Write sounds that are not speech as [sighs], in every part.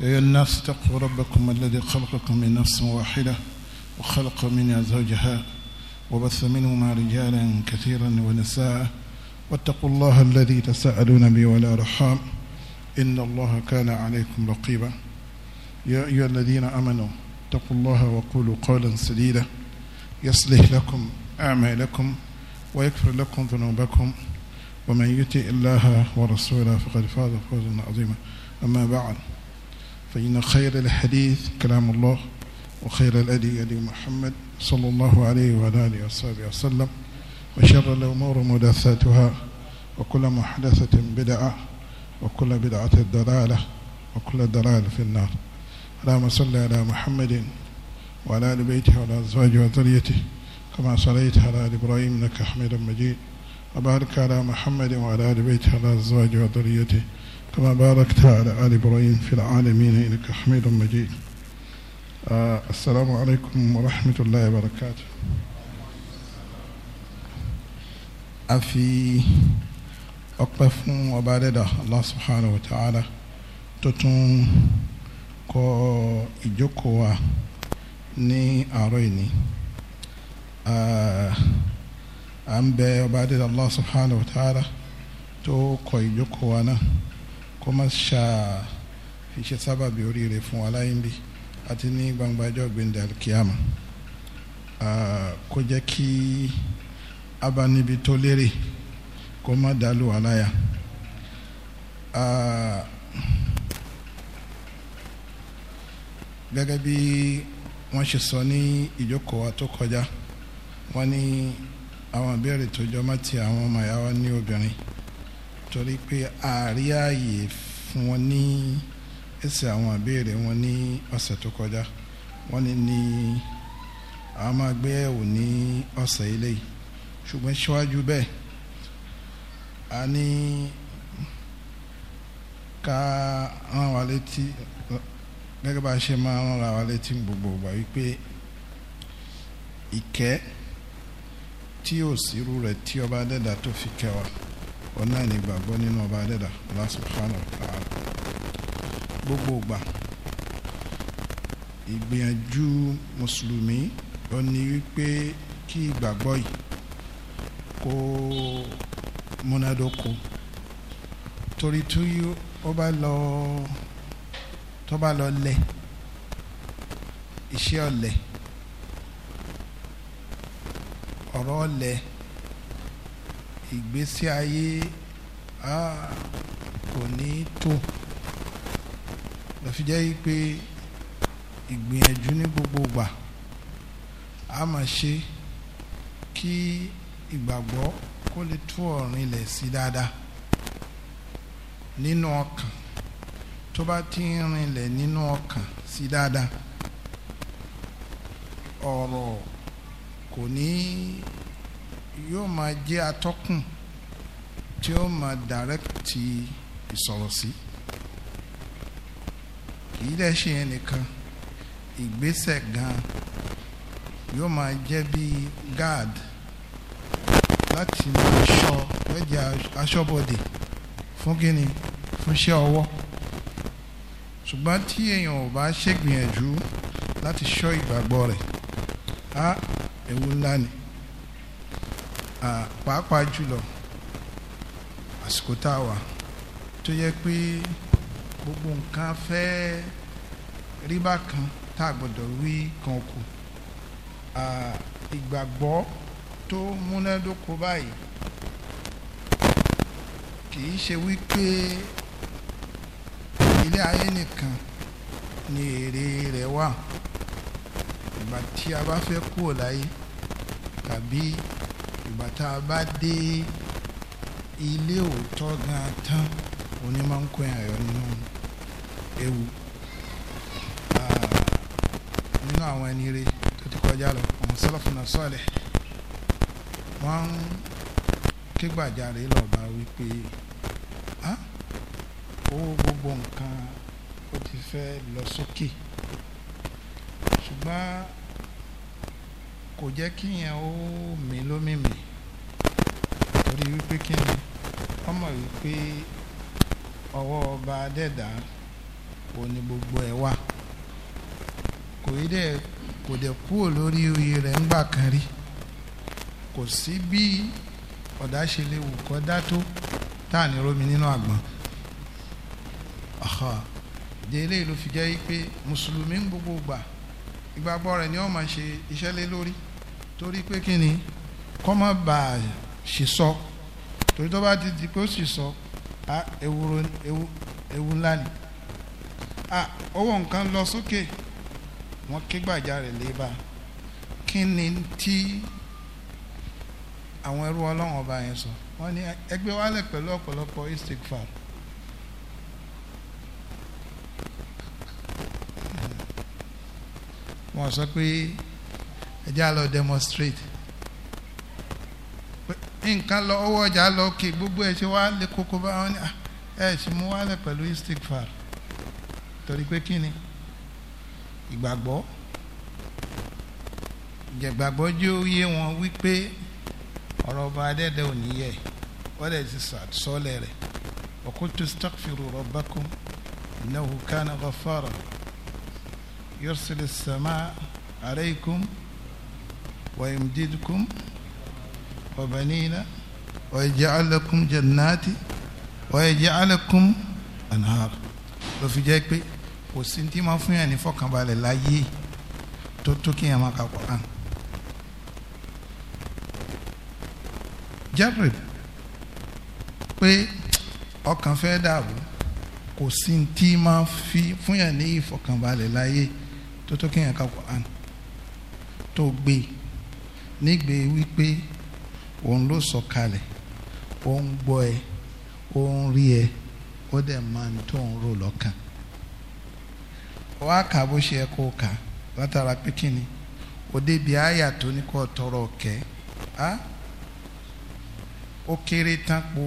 يا الناس اتقوا ربكم الذي خلقكم من نفس واحدة وخلق منها زوجها وبث منهما رجالا كثيرا ونساء واتقوا الله الذي تساءلون به والأرحام إن الله كان عليكم رقيبا يا أيها الذين أمنوا اتقوا الله وقولوا قولا سديدا يصلح لكم أعمالكم ويكفر لكم ذنوبكم ومن يطع الله ورسوله فقد فاز فوزا عظيما أما بعد فإن خير الحديث كلام الله وخير الأدي أدي محمد صلى الله عليه وعلى آله وصحبه وسلم وشر الأمور محدثاتها وكل محدثة بدعة وكل بدعة ضلالة وكل ضلالة في النار اللهم صل على محمد وعلى آل بيته وعلى أزواجه وذريته كما صليت على آل إبراهيم إنك حميد مجيد وبارك على محمد وعلى آل بيته وعلى أزواجه وذريته كما باركت على آل إبراهيم في العالمين إنك حميد مجيد آه السلام عليكم ورحمة الله وبركاته أفي أقف وبارد الله سبحانه وتعالى تتون كو ìjókòó wa ní àárọ̀ ìní à ń bẹ ọba adéda Allah subhanahu kó má ṣá fi ṣe sábàbí oríire fún wa láyé bí àti ní gbangba ọjọ́ gbẹ̀ndẹ̀ alikiyama kó jẹ́ kí abanibi tó lérè kó má dàlú wa láyà. gẹ́gẹ́ bí wọ́n ṣe sọ ní ìjókòó wa tó kọjá wọ́n ní àwọn ìbéèrè tó jọ má ti àwọn ọmọ ìyá wa ní obìnrin torí pé àárí ààyè fún wọn ní ẹsẹ̀ àwọn àbẹ̀rẹ̀ wọn ní ọ̀sẹ̀ tó kọjá wọ́n ní ní àwọn máa gbé ẹ̀wò ní ọ̀sẹ̀ ilé yìí ṣùgbọ́n síwájú bẹ́ẹ̀ a ní ká rán wa létí gẹ́gẹ́ bá a ṣe máa rán wa létí gbogbo wípé ìkẹ́ tí ò sírú rẹ̀ tí ọba dẹ́dà tó fi kẹ́ wa òun náà ní ìgbàgbọ́ nínú ọba adẹ́dà Allah subhanahu wa ta'ala gbogbo ìgbà ìgbìyànjú mùsùlùmí ó ní wípé kí ìgbàgbọ́ yìí kó múnádóko torí tí ó tó bá lọ lẹ iṣẹ́ ọ̀lẹ ọ̀rọ̀ ọ̀lẹ ìgbésí ayé kò ní tó lọ jẹ́ pé ìgbìyànjú ní gbogbo gbà a máa ṣe kí ìgbàgbọ́ kó lè tú ọ̀rìn ilẹ̀ sí dáadáa nínú ọkàn tó bá ti ń rinlẹ̀ nínú ọkàn sí dáadáa ọ̀rọ̀ kò ní yóò máa jẹ́ atọ́kùn tí ó máa dàrẹ́kìtì ìsọ̀rọ̀ sí kì í dẹ̀ ṣe yẹn nìkan ìgbésẹ̀ gan yóò máa jẹ́ bí guard láti máa ṣọ́ lọ́jà aṣọ́bodè fún kíni fún iṣẹ́ ọwọ́ ṣùgbọ́n tí èèyàn ò bá ṣègbìyànjú láti ṣọ́ ìgbàgbọ́ rẹ̀ á ewu ńlá ni pàápàá jùlọ àsìkò tá a wà tó yẹ pé gbogbo nǹkan fẹ́ rí bákan tá a gbọ́dọ̀ wí kan kù ìgbàgbọ́ tó múnádóko báyìí kì í ṣe wípé ilé ayé nìkan ni èrè rẹ̀ wà ìgbà tí a bá fẹ́ kúrò láyé tàbí ìgbà tá a bá dé ilé òótọ́ gan tán òní máa ń kó ẹ̀yọ́ nínú ewu nínú àwọn ẹni rẹ tó ti kọjá lọ àwọn sálàfùnà sọ̀lẹ̀ wọ́n ń kígbàjarè lọ́ba wípé owó gbogbo nǹkan ó ti fẹ́ lọ sókè ṣùgbọ́n kò jẹ́ kíyàn ó mí mi. torí wípé kí ni wọ́n mọ̀ wípé ọwọ́ ọba adẹ́dá òun ni gbogbo ẹ̀ wà kò í dẹ̀ kò dẹ̀ kúrò lórí oyè rẹ̀ ńgbà kan rí kò sí bí ọ̀dà ṣe lè wù kọ́ dá tó tá à ní rómi nínú àgbọn délé ló fi jẹ́ pé mùsùlùmí ń gbogbo gbà ìgbàgbọ́ rẹ̀ ni ó máa ṣe iṣẹ́ lé lórí torí pé kí ni kọ́ má sísọ torí tó bá ti di pé ó sísọ a ewúro ewu ewu ńlá ni a owó nǹkan lọ sókè wọ́n ké gbàjarè lébà kí ni tí àwọn ẹrú ọlọ́run ọba yẹn sọ wọ́n ní ẹgbẹ́ wálẹ̀ pẹ̀lú ọ̀pọ̀lọpọ̀ istikfar. Hmm. wọ́n sọ pé ẹ já lọ demonstrate nǹkan lọ owó ọjà lọ kí gbogbo ẹ̀ ṣe wá lé koko bá wọn ní ah, ẹ̀ ṣì mú wálẹ̀ pẹ̀lú istikfar torí pé kí ni ìgbàgbọ́ ìjẹ̀gbàgbọ́ jẹ́ òye wọn wípé ọ̀rọ̀ ọba adẹ́dẹ́ ò ní yẹ wọ́n lè ti sọ́lẹ̀ rẹ̀ wa qultu istaghfiru rabbakum innahu kana ghaffara yursilis samaa alaykum wa وبنينا ويجعل لكم جنات ويجعل لكم anhar ló fi jẹ́ pé kò sí tí máa fún yàn ní fọkànbalẹ̀ láyé tó tó kí yàn máa ka Quran. jẹ́rìí pé ọkàn fẹ́ dàrú kò sí tí máa fún yàn ní ìfọkànbalẹ̀ láyé tó tó kí yàn ka Quran tó gbé nígbè wípé òun ló sọ kalẹ̀ ó ń gbọ́ ẹ ó ń rí ẹ ó dẹ̀ máa ń tó ń rò lọ́kàn wá kà bó ṣe ẹ kó kà látara pé kí ni òde bíi àyà tó ní kó tọrọ ọ̀kẹ́ ó kéré tán po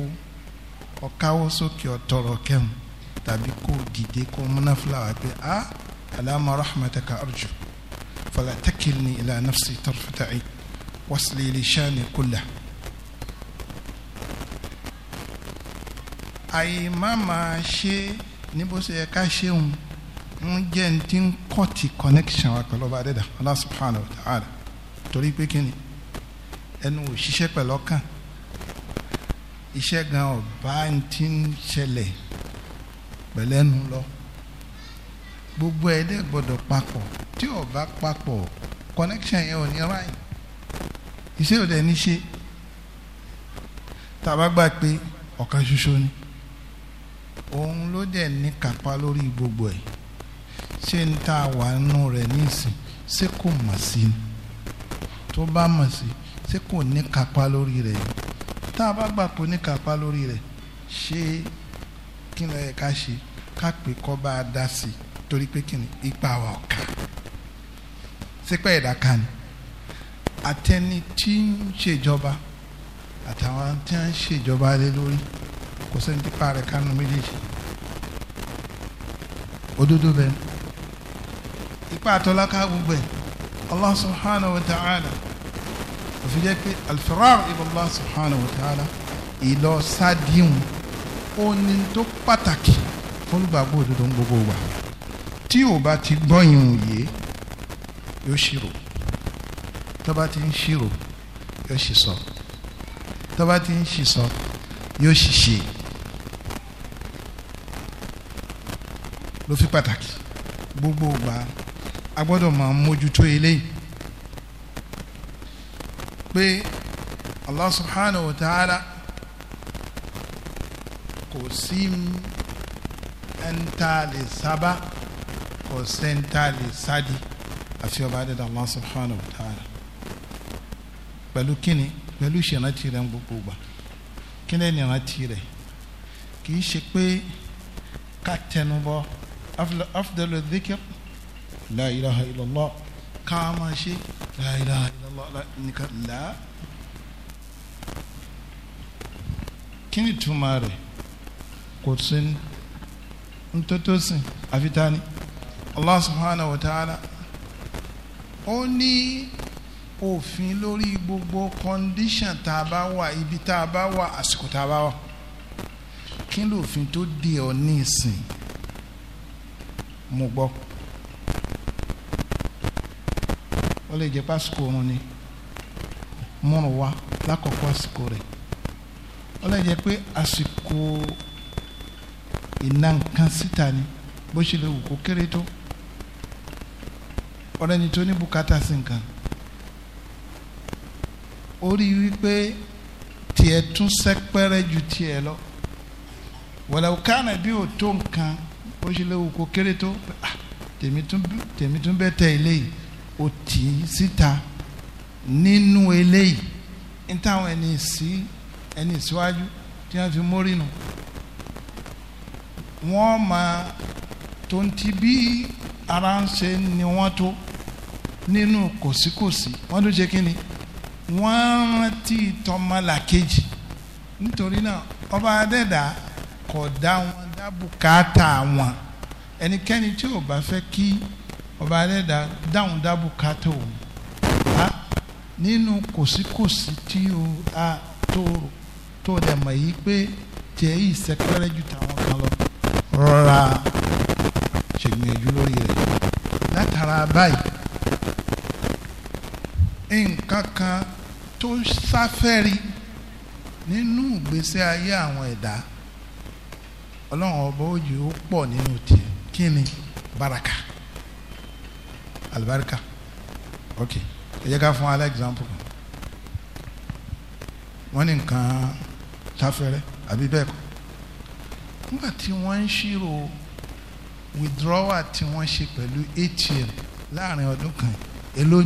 ọ̀káwọ́ sókè ọ̀tọ̀rọ̀ kẹ́hùn tàbí kó dìde kó múná fúláwà pé á alama rahmataka arju fala takilni ila nafsi tarfata ayn wasli li shani kullah. àyè má máa ṣe ní bó ṣe yẹ ká ṣeun ń jẹ́ ní ti ń kọ́ọ̀tì connection wa pẹ̀lú ọba adẹ́dà Allah subhanahu wa ta'ala torí pé kí ni ẹnu òṣìṣẹ́ pẹ̀lú ọkàn iṣẹ́ gan ọba ti ń ṣẹlẹ̀ pẹ̀lẹ́nu lọ gbogbo ẹ̀ dẹ́ gbọ́dọ̀ papọ̀ tí ọba papọ̀ connection yẹn ò ní ráyìn iṣẹ́ ò dẹ̀ ní ṣe tàbá gbà pé ọ̀kan ṣoṣo ni òun ló dẹ̀ ní kápá lórí gbogbo ẹ̀ ṣé n ta wà nù rẹ̀ nísìn ṣé kò mọ̀ sí i tó bá mọ̀ sí i ṣé kò ní kápá lórí rẹ̀ yìí tá a bá gbà kó ní kápá lórí rẹ̀ ṣé kí ló yẹ ká ṣe ká pè kọ́ bá a dá sí i torí pé kí ni ipa wa ọ̀ka sípẹ́ ẹ̀dá ni àtẹni tí ń ṣèjọba àtàwọn tí ń ṣèjọba lé lórí kò sẹ́ni tí pa rẹ̀ kánú méjèèjì òdodo bẹ́ẹ̀ ipa àtọ́láká gbogbo ẹ̀ Allah subhanahu wa ta'ala òfin jẹ́ pé al-firar ibà Allah subhanahu wa ta'ala ìlọ sádìhùn ó ní tó pàtàkì fún gbàgbọ́ gbogbo wa tí ò bá ti gbọ́yìn òye yóò ṣírò tó ti ń ṣírò yóò ṣì sọ tó ti ń ṣì sọ yóò ṣì ṣe. ló fi pàtàkì gbogbo ìgbà a gbọ́dọ̀ máa mójútó eléyìí pé Allah subhanahu wa ta'ala kò sí ẹ̀ńtà lè sábà kò sẹ́ńtà lè sádi àfi ọba adẹ́dà Allah subhanahu wa ta'ala pẹ̀lú kíni pẹ̀lú ìṣèrántí rẹ̀ ń gbogbo ìgbà kíni ìrántí rẹ̀ kì í ṣe pé ká tẹnubọ́ afdal dhikr la ilaha illallah ká máa ṣe la ilaha illallah nìkan là kí ni túmọ̀ rẹ̀ kò sí ntótósìn àfitáni allah subhanahu wa ta'ala ó ní òfin lórí gbogbo kọ́ndíṣàn tá a bá wà ibi tá a bá wà àsìkò tá a bá wà kí lófin tó di ọ ní ìsìn mú gbọ́ ó lè jẹ́ pásíkò òun ni múrùn wá lákòókò àsìkò rẹ̀ ó lè jẹ́ pé àsìkò ìná nǹkan síta ni bó ṣe lè wù kó kéré tó ọ̀rẹ́ ni tó ní bùkátà sí nǹkan ó rí wípé tiẹ̀ tún sẹ́pẹ́rẹ́ ju tiẹ̀ lọ wọ̀lẹ̀ òkànnà bí ò tó nǹkan bó ṣe léwu kó kéré tó ah, tèmi tún bẹ́ tẹ eléyìí ó tì í síta nínú eléyìí ní táwọn ẹni sí ẹni síwájú tí wọ́n fi mórí nù wọ́n máa tó ń ti bí ara ń ṣe ni wọ́n tó nínú kòsíkòsí wọ́n tó ṣe kí ni wọ́n rántí tọmọlàkejì nítorí náà ọba adẹ́dà kò dá wọn bùkátà wọn ẹnikẹ́ni tí ò bá fẹ́ kí ọba alẹ́dà dáhùn dá bùkátà òun nínú kòsíkòsí tí o a tó tó dẹ̀ mọ̀ yìí pé tiẹ̀ yìí sẹ́kẹ́rẹ́ ju tàwọn kan lọ rọra ṣègbìyànjú lórí rẹ̀ látara báyìí nǹkan kan tó sáfẹ́rí nínú ìgbésí ayé àwọn ẹ̀dá. E ọlọ́run ọba òjì ó pọ̀ nínú tiẹ̀ kí ni baraka alibarika ok ẹ jẹ́ ká fún alẹ́ example wọ́n ní nǹkan táfẹ́rẹ́ àbí bẹ́ẹ̀ kọ́ nígbà tí wọ́n ń ṣírò withdrawal tí wọ́n ṣe pẹ̀lú atm láàrin ọdún kan èló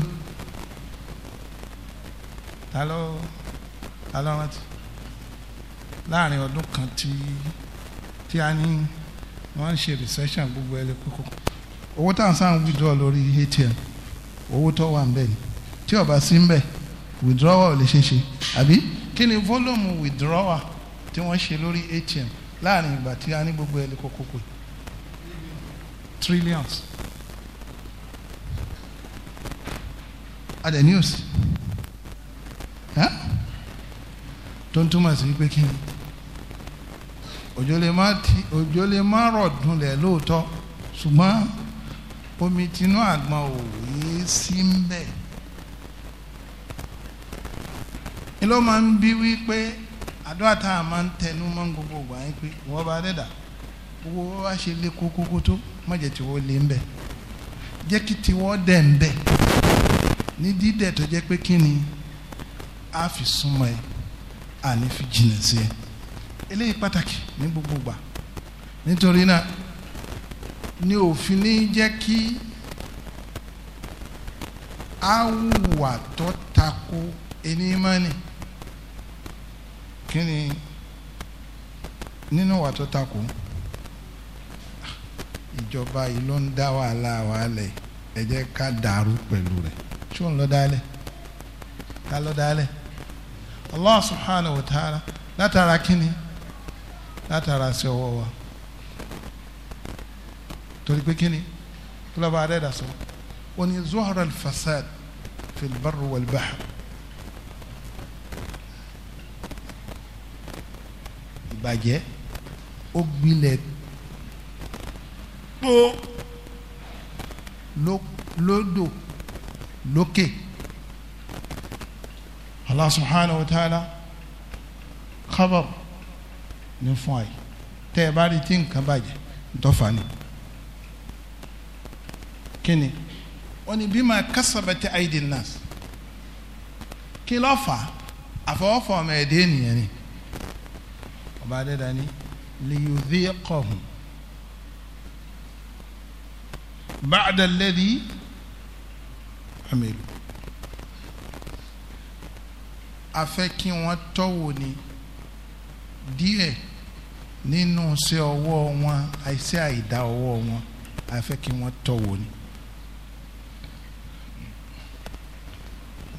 ta ló ta ló rántí láàrin ọdún kan tí. Tí tí a ní wọ́n ń ṣe recession gbogbo ẹ̀ lè kókó owó táwọn sáà ń withdraw lórí ATM owó tó wà ń bẹ̀ ni tí ó sí ń bẹ̀ withdrawal lè ṣe àbí kí ni volume withdrawal tí wọ́n ṣe lórí ATM láàrin ìgbà tí a ní gbogbo ẹ̀ lè kókó pé trillions adẹ news tó ń túmọ̀ sí pé kí ni òjò lè má ti òjò lè má rọ̀ dunlẹ̀ lóòótọ́ ṣùgbọ́n omi tinú àgbọn ò yé sí ń bẹ̀. ni ló máa ń bí wípé àdúrà tá a máa ń tẹnu mọ́ gbogbo ìgbà yín pé wọ́n bá dẹ́dà owó wá ṣe lé kókókó tó má jẹ́ tiwọ́ lé ń bẹ̀ jẹ́ kí tiwọ́ dẹ̀ ń bẹ̀ ní dídẹ̀ tó jẹ́ pé kí ni a fi súnmọ́ ẹ àní fi jìnnà sí ẹ eléyìí pàtàkì ní gbogbo gbà nítorí náà ni òfin ní jẹ́ kí awùwà tó tako ẹni mọ́ni kí ni nínú wà tó tako ìjọba yìí ló ń dá wàhálà wàhálẹ̀ ẹ jẹ́ ká dàrú pẹ̀lú rẹ̀ tí òun lọ dálẹ̀ ká lọ dálẹ̀ Allah subhanahu wa ta'ala látara kí ni látara sí ọwọ́ wa torí pé kíni kílọ̀bù adẹ́dà sọ wọn ni zuhara al-fasad fil barri wal bahr ìbàjẹ́ ó gbilẹ̀ tó lódò lókè Allah wa ta'ala khabar ní fún àyè tẹ́ ẹ bá rí tí nǹkan bàjẹ́ ntọ́fà ni kíni wọ́n ní bí máa kásábẹ́tẹ́ aidin nas kí ló fà àfọwọ́fọ́ ọmọ ẹ̀dẹ́ ènìyàn ni ọba adẹ́dá ni liyudhiqahum ba'da alladhi amilu afẹ́ kí wọ́n tọ́wò nínú sí ọwọ́ wọn àìsí àìdá ọwọ́ wọn àfẹ́ kí wọ́n tọ̀wọ̀ ni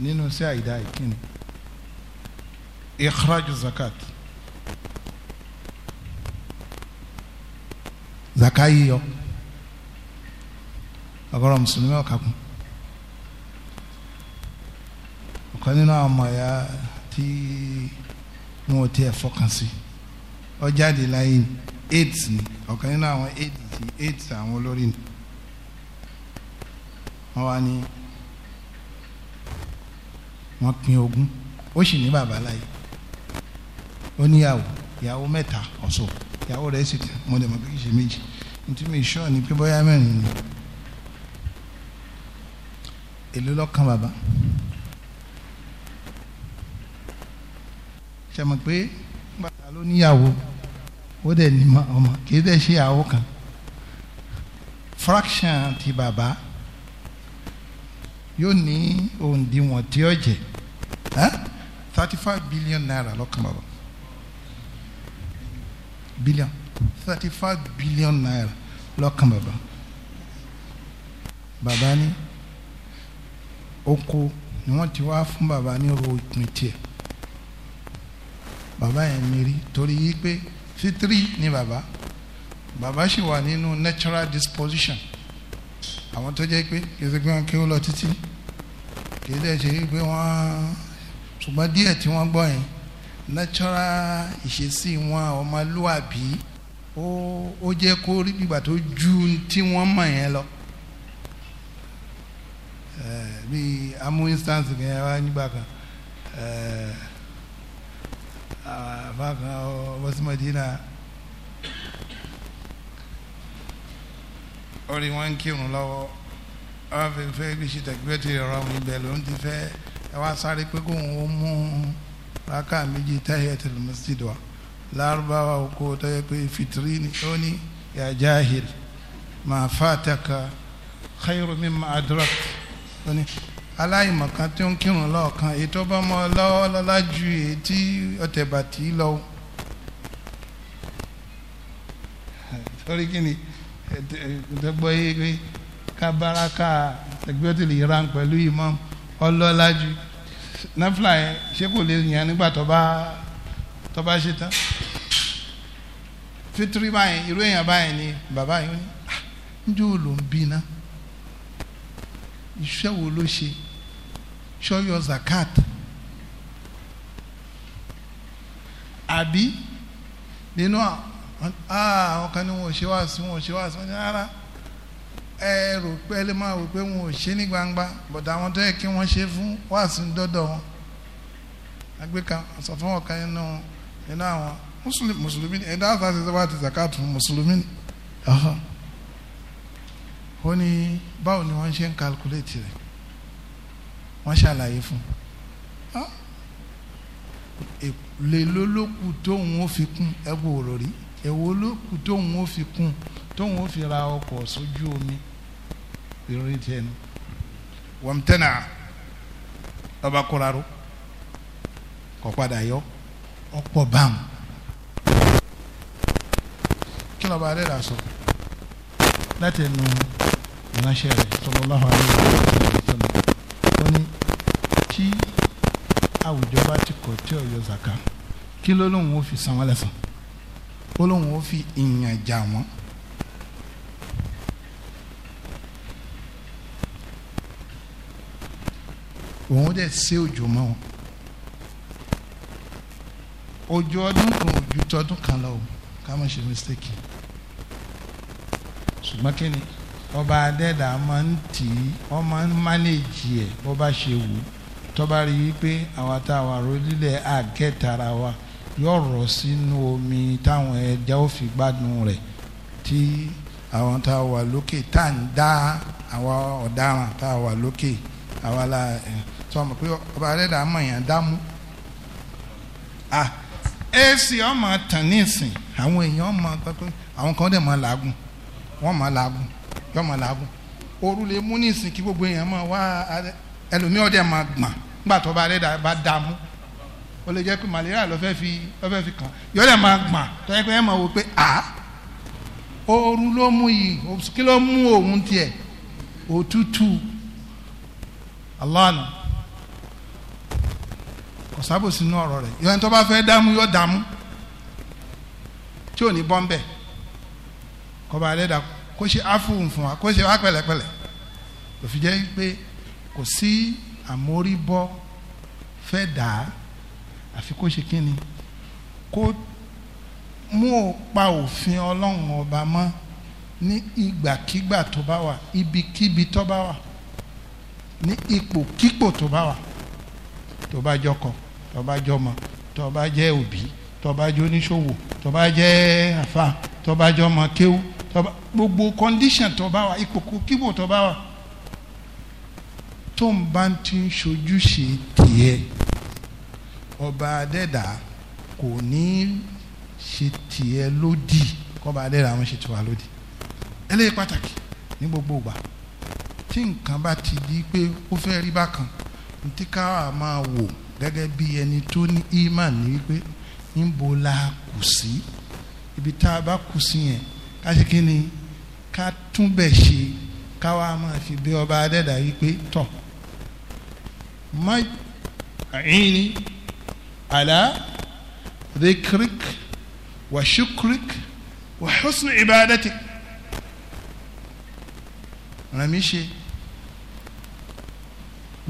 nínú sí àìdá ìkíni ikhraju zakat zaka yíyọ ọgọrọ mùsùlùmí ọkàkùn ọ̀kan nínú àwọn ọmọ ya tí wọn ò tiẹ̀ fọkàn sí i ọ jáde láyé ni eight ni ọ̀kan nínú àwọn eight ti eight àwọn olórí ni wọ́n wá ní wọ́n pín ogún ó sì ní bàbá láyé ó níyàwó ìyàwó mẹ́ta ọ̀sọ̀ ìyàwó rẹ̀ sì mọ̀ dẹ̀ mọ̀ kì í ṣe méjì nítorí ìṣọ́ ni pé bóyá mẹ́rin ni èlò lọ́kàn bàbá ṣe mọ̀ pé bàbá ló níyàwó ó dẹ̀ ní ọmọ kì í dẹ̀ ṣe àwọn kan fraction ti bàbá yóò ní òǹdíwọ̀n tí ó jẹ thirty five billion naira lọ́kàn bàbá billion thirty five billion naira lọ́kàn bàbá bàbá ní oko ni wọ́n ti wá fún bàbá ní ro tiẹ̀ bàbá yẹn mi rí torí yí pé fitri ni baba, baba sì wà nínú natural disposition àwọn tó jẹ́ pé kì í ṣe pé wọ́n kí ó lọ títí kì dẹ̀ ṣe pé wọ́n ṣùgbọ́n díẹ̀ tí wọ́n gbọ́ yẹn natural ìṣesí wọn ọmọlúwàbí ó ó jẹ́ kó rí bígbà tó ju tí wọ́n mọ̀ yẹn lọ bíi amú instance yẹn wá nígbà kan wasu madina orí wọn ń kírun lọ́wọ́ wọn fi fẹ́ gbèsè tẹ̀gbẹ́tì rọrùn ibẹ̀ ló ń ti fẹ́ ẹ wá sáré pé kóun ó mú rákà méjì tahiyatul masjid wa lárúbáwá oko tó yẹ pé fitiri ni ó ní ya jahil ma fataka khairu mimma adrakta ó ní aláìmọ̀kan tó ń kírun lọ́ọ̀kan ètò bá mọ́ lọ́wọ́ lọ́lá ju ètí ọ̀tẹ̀bàtì lọ. sọ́rí kí ni ẹ̀ẹ́dẹ́gbọ́ yé kábàrákà ẹgbẹ́tò lè ran pẹ̀lú imam ọlọ́lá ju náfìlà yẹn ṣé kò lè yàn nígbà tó bá ṣe tán fitiri báyìí irú èèyàn báyìí ni bàbá yìí ó ní ah ń jẹ́ òòlù ń bí náà iṣẹ́ wo ló ṣe Show yọ zakat àbí nínú àwọn kan ní wọn ò ṣe wá sí wọn ò ṣe wá sí wọn ní rárá ẹ rò pé ẹ lè máa rò pé wọn ò ṣe ní gbangba bọ̀dà àwọn tó yẹ kí wọ́n ṣe fún wàásù dọ́dọ̀ wọn agbéka sọ fún ọ̀kan nínú nínú àwọn mùsùlùmí ẹ̀dá àtàtì tó bá ti zakat fún mùsùlùmí ó ní báwo ni wọ́n ṣe ń calculate rẹ̀ wọ́n ṣàlàyé fún un lè ló lókù tóun ó fi kún ẹ̀bù òròrí èwo lókù tóun ó fi kún tóun ó fi ra ọkọ̀ sójú omi ìròyìn tiẹ̀ nu wọ́n tẹ́nà ọba kóra ró kọ́ padà yọ ọ̀pọ̀ báwọn kí lọ́ba adé rà sọ láti ẹnu ìránṣẹ́ rẹ̀ sallallahu alaihi wasallam ní tí àwùjọ bá ti kọ̀ tí ọ̀yọ́ zaka kí ló lóun ó fi san wọ́n lẹ́sàn ó lóun ó fi ìyàn jà wọ́n. òun dẹ̀ ṣe òjò mọ́ wọn òjò ọdún kan òjò tọdún kan lọ ká má ṣe mistake ṣùgbọ́n kí ni ọba adẹ́dà máa ń tì í wọ́n máa ń ẹ̀ bó bá ṣe wù ú tọ́ba rí i pé àwa tá a wà rólílẹ̀ àgẹ́tara wa yóò rọ̀ sínú omi táwọn ẹja ó fi gbádùn rẹ̀ tí àwọn tá a wà lókè tá à ń dá àwa ọ̀daràn tá a wà lókè àwa la ẹ̀ sọmọ pé ọba adẹ́dà mọ̀ yàn dámú ah èsì ọmọ tàn ní ìsìn àwọn èèyàn ọmọ àwọn kan dẹ̀ mọ̀ làágùn wọ́n mọ̀ làágùn yọmọ làágùn ooru lè mú ní ìsìn kí gbogbo èèyàn máa wá ẹlòmíràn dẹ̀ máa gbọ̀n nígbà tó bá rẹ̀ bá dá mú ó lè jẹ́ pé malaria ló fẹ́ fi ló fẹ́ fi kàn yọ dẹ̀ máa gbọ̀n tó yẹ pé ẹ máa wò pé à ooru ló mú yìí kí ló mú òun tiẹ̀ òtútù aláàánú kọ̀sábò sínú ọ̀rọ̀ rẹ̀ yọ ẹni tó bá fẹ́ dámú yọ dámú tí ò ní bọ́ ń bẹ̀ kọ́ba kó ṣe áfùn fún wa kó ṣe wá pẹ̀lẹ́pẹ̀lẹ́ kò fi jẹ́ pé kò sí àmóríbọ́ fẹ́ dà á àfi kó ṣe kíni kó mú ò pa òfin ọlọ́run ọba mọ́ ní ìgbàkígbà tó bá wà ibikíbi tó bá wà ní ipòkípò tó bá wà tó bá jọkọ tó bá jọmọ tó bá jẹ́ òbí tó bá jẹ́ oníṣòwò tó bá jẹ́ àfa tó bá jọmọ kéwú gbogbo condition tó bá wà ipò kíbò tó bá wà tó ń bá ti ń ṣojúṣe tiẹ̀ ọba adẹ́dà kò ní ṣe tiẹ̀ lódì kọba adẹ́dà àwọn ṣe tiwa lódì eléyìí pàtàkì ní gbogbo ìgbà tí nǹkan bá ti di pé ó fẹ́ rí bákan ntí ká máa wò gẹ́gẹ́ bí ẹni tó ní imán ní wípé níbo la kù sí ibi tá a bá kù sí yẹn kásì kí ni ká tún bẹ̀ ṣe káwa máa fi bí ọba adẹ́dà yìí pé tọ̀ má ìní àlá dhikrik wa shukrik wa husni ibadatik ràn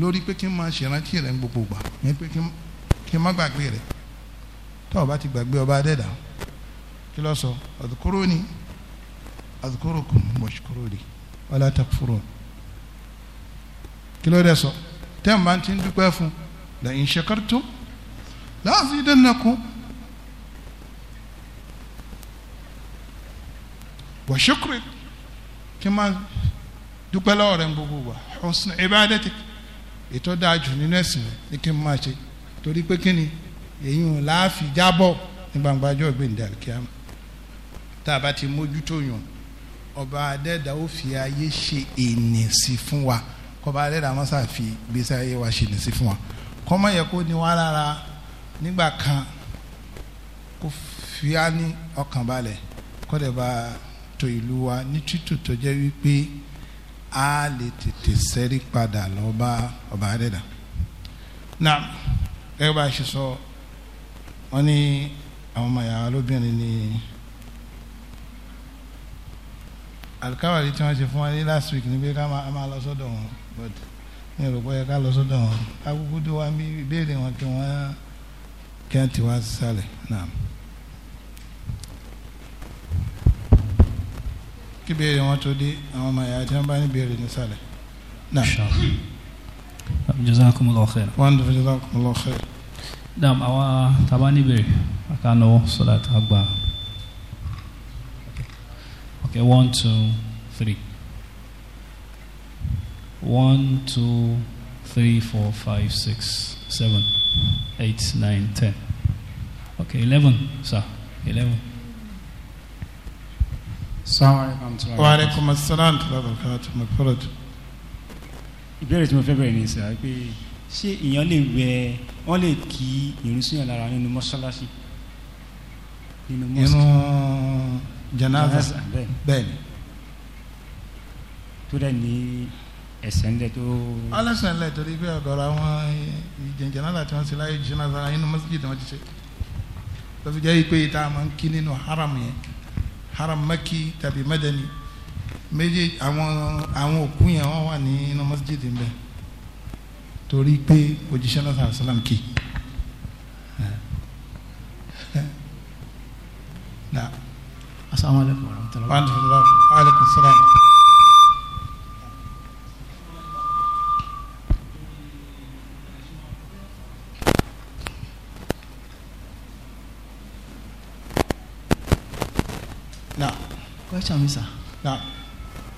lórí pé kí n máa ṣèrántí rẹ̀ gbogbo gbà ní pé kí n má gbàgbé rẹ̀ tọ́ ọ bá ti gbàgbé ọba adẹ́dà kí ló sọ ni azukurukum washkuruli wala takfurun kí ló dé sọ tẹ́ ń bá ti ń dúpẹ́ fún la in shakartum la azidannakum wa shukri kí n máa dúpẹ́ lọ́wọ́ rẹ̀ gbogbo wa husn ibadati ètò dáa jù nínú ẹ̀sìn rẹ̀ ní kí n máa ṣe torí pé kí ni èyí ò gbangba ọjọ́ ìgbéǹde àlùkìyàmù tá a bá ti mójútó yàn ọba adẹ́dà ó fi ayé ṣe ènìsí fún wa kọba adẹ́dà mọ́sá fi gbèsè ayé wa ṣe ènìsí fún wa kọ́mọ yẹ kó ní wá lára nígbà kan kó fi á ní ọkàn balẹ̀ kọ́dẹ̀ bá tò ìlú wa ní títù tó jẹ́ wípé a lè tètè sẹ́rí padà lọ́ba ọba adẹ́dà na gẹ́gẹ́ bá a ṣe sọ wọ́n ní àwọn ọmọ yàrá lóbìnrin ni. alikawari tí wọ́n ṣe fún wa ní last week ni pé ká máa lọ sọ́dọ̀ wọn but ní ìròpọ yẹ ká lọ sọ́dọ̀ wọn akúkú tó wá bí ìbéèrè wọn kí wọn kí wọn ti wá sálẹ̀ náà. kí béèrè wọn tó dé àwọn ọmọ ìyá tí wọn bá ní béèrè ní sálẹ̀ náà. jazakumullahu khair. wonderful jazakumullahu khair. dam àwa taba níbẹ̀rẹ̀ a kà náwó sọ̀dọ̀ àtàgbà. Okay, one, two, three. One, two, three, four, five, six, seven, eight, nine, ten. Okay, eleven, sir. Eleven. Assalamu alaikum assalam tó lọ́wọ́ káàtó mo fọ́rọ̀ tó. ìbéèrè tí mo fẹ́ bẹ̀rẹ̀ ní sà pé ṣé èèyàn lè wẹ wọ́n lè kí irun síyàn lára nínú mọ́ṣáláṣí. nínú mọ́ṣáláṣí janaza bẹ́ẹ̀ ni. tó dẹ̀ ní ẹsẹ̀ ńlẹ̀ tó. alẹ́sẹ̀ ńlẹ̀ torí pé ọ̀gọ̀rọ̀ àwọn jẹ̀njẹ̀nàlà tí wọ́n ṣe láyé jẹ̀nàlà inú mọ́síjìdì wọn ti ṣe tó fi jẹ́ pé ìta máa ń kí nínú haram yẹn haram mẹ́kì tàbí mẹ́dẹ́ni méjì àwọn àwọn òkú yẹn wọ́n wà ní inú mọ́síjìdì ń bẹ̀ torí pé òjíṣẹ́ náà sàn sàlám kì. Assalamu alaikum warahmatullahi wabarakatuh. Wa alaikum salaam. question mi sir. na.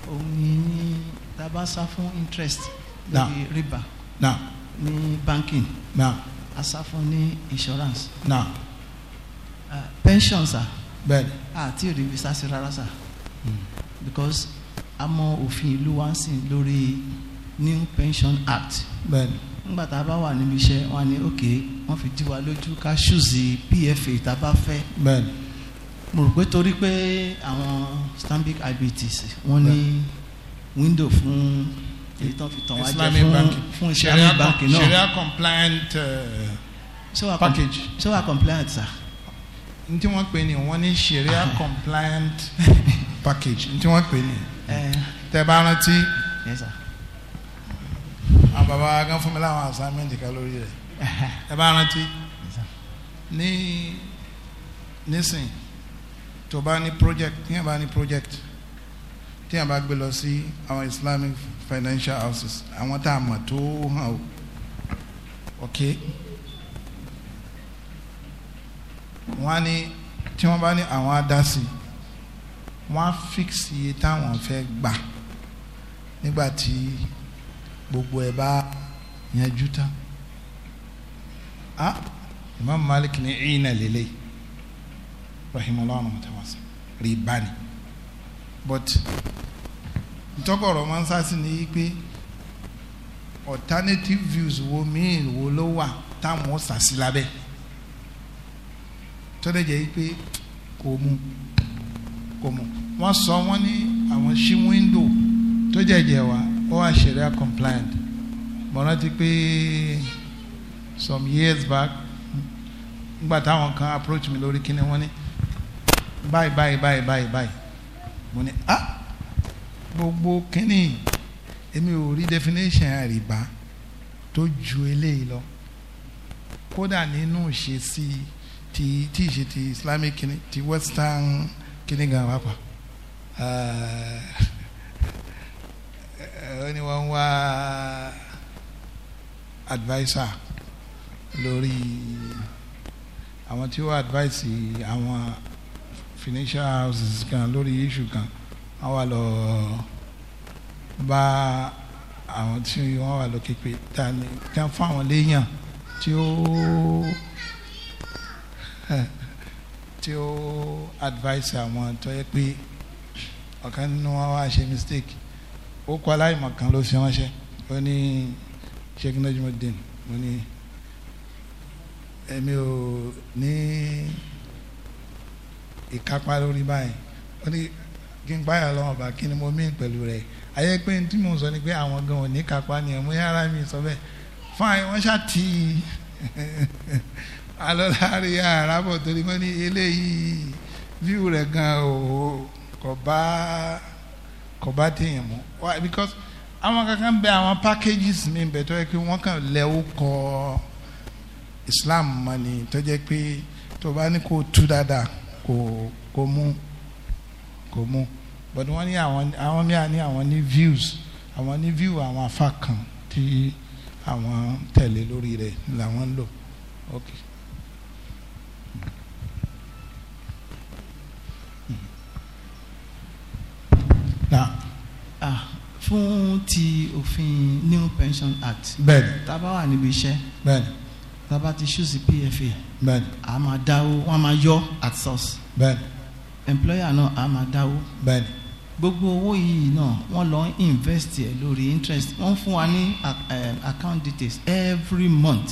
òun ni ní taba sá fún interest. na lórí riba. na. ní banking. na. a sá fún ní insurance. na. Uh, pension sir bẹ́ẹ̀ni. àti èrè visa sí rárá sà hmm. because a mọ òfin ìlú wa ń sìn lórí new pension act. bẹ́ẹ̀ni. nígbà tá a bá wà níbi iṣẹ́ wọn ni òkè wọ́n fi dí wa lójú ká ṣùzì pfa tá a bá fẹ́. bẹ́ẹ̀ni. mo rò pé torí pé àwọn stanbic ibtc wọ́n ní window fún èyí tán fi tàn wá jẹ fún fún islamic banking náà. sharia compliant uh, so package. so we are compliant sir n tí wọ́n pè ní wọ́n ní sharia [laughs] compliant [laughs] package n tí wọ́n pè ní eh. tẹ bá rántí àwọn baba gan fún mi láwọn assignment kan lórí rẹ [laughs] tẹ bá rántí ní nísìn tó bá ní project tíyẹn bá ní project tíyẹn bá gbé lọ sí àwọn Islamic financial houses àwọn tá a mọ̀ tó hàn ó ok wọ́n á ní tí wọ́n bá ní àwọn á dá sí i wọ́n á fíksì iye táwọn fẹ́ gbà nígbà tí gbogbo ẹ̀ bá yanjú tán ah Imam Malik ní ìyínà lélẹ̀ rahimahullah ọ̀nà mọ̀tàwọ́sẹ̀ rí báni but ntọ́kọ̀rọ̀ máa ń sásì ní pé alternative views wo míì wo ló wà táwọn ó sàsí lábẹ́ tọ́lẹ̀ jẹ́ pé kò mu kò mu wọ́n sọ wọ́n ní àwọn ṣí wíńdò tó jẹ̀jẹ̀ wá ó wà ṣẹ̀ríà compliant mo rántí pé some years back nígbà táwọn kan approach mi lórí kíni wọ́n ní báyìí báyìí báyìí báyìí báyìí mo ní ah gbogbo kíni èmi ò rí definition àrìbá tó ju eléyìí lọ kódà nínú ìṣesí. Si, ti tí ì ṣe ti islamic kìnnì ti western kìnnì gan eh, [laughs] wa pa ó ní wọ́n wá adviser lórí àwọn tí ó advice àwọn financial houses kan lórí issue kan wọ́n wá lọ bá àwọn tí wọ́n wà lókè pé ta ni kí wọ́n fún àwọn léèyàn tí ó tí ó advice àwọn tó yẹ pé ọ̀kan nínú wọn wá ṣe mistake ó kọ aláìmọ̀ kan ló fi ránṣẹ́ ó ní sheikh najmudeen mo ní èmi ò ní ìkápá lórí báyìí ó ní kí n báyà lọ́wọ́ bá kí ni mo mí pẹ̀lú rẹ̀ ayé pé tí mo sọ ni pé àwọn gan ò ní kápá ni ẹ̀ mo yára mi sọ bẹ́ẹ̀ fún wọ́n ṣáà tì í alọ́lárí àràbọ̀ torí wọ́n ní eléyìí fíìwù rẹ̀ gan o kò bá kò bá téèyàn mú why because àwọn kankan bẹ àwọn packages mi bẹ tó yẹ pé wọ́n kàn lẹ́wọ́ kọ Islam mọ́ni tó jẹ́ pé tó bá ní kó tú dáadáa kò kò mú kò mú but wọ́n ní àwọn àwọn mìíràn ní àwọn ní views àwọn ní view àwọn afa kan tí àwọn tẹ̀lé lórí rẹ̀ làwọn ń lò okay. na. ah fún ti òfin new pension act. bẹ́ẹ̀ni Taba wà níbi iṣẹ́. bẹ́ẹ̀ni Taba ti ṣúùsì pfa. bẹ́ẹ̀ni a máa dáwó wọn máa yọ at source. bẹ́ẹ̀ni employer náà a máa dáwó. bẹ́ẹ̀ni gbogbo owó yìí náà wọ́n lọ invest ẹ̀ lórí interest wọ́n fún wa ní eh, account details every month.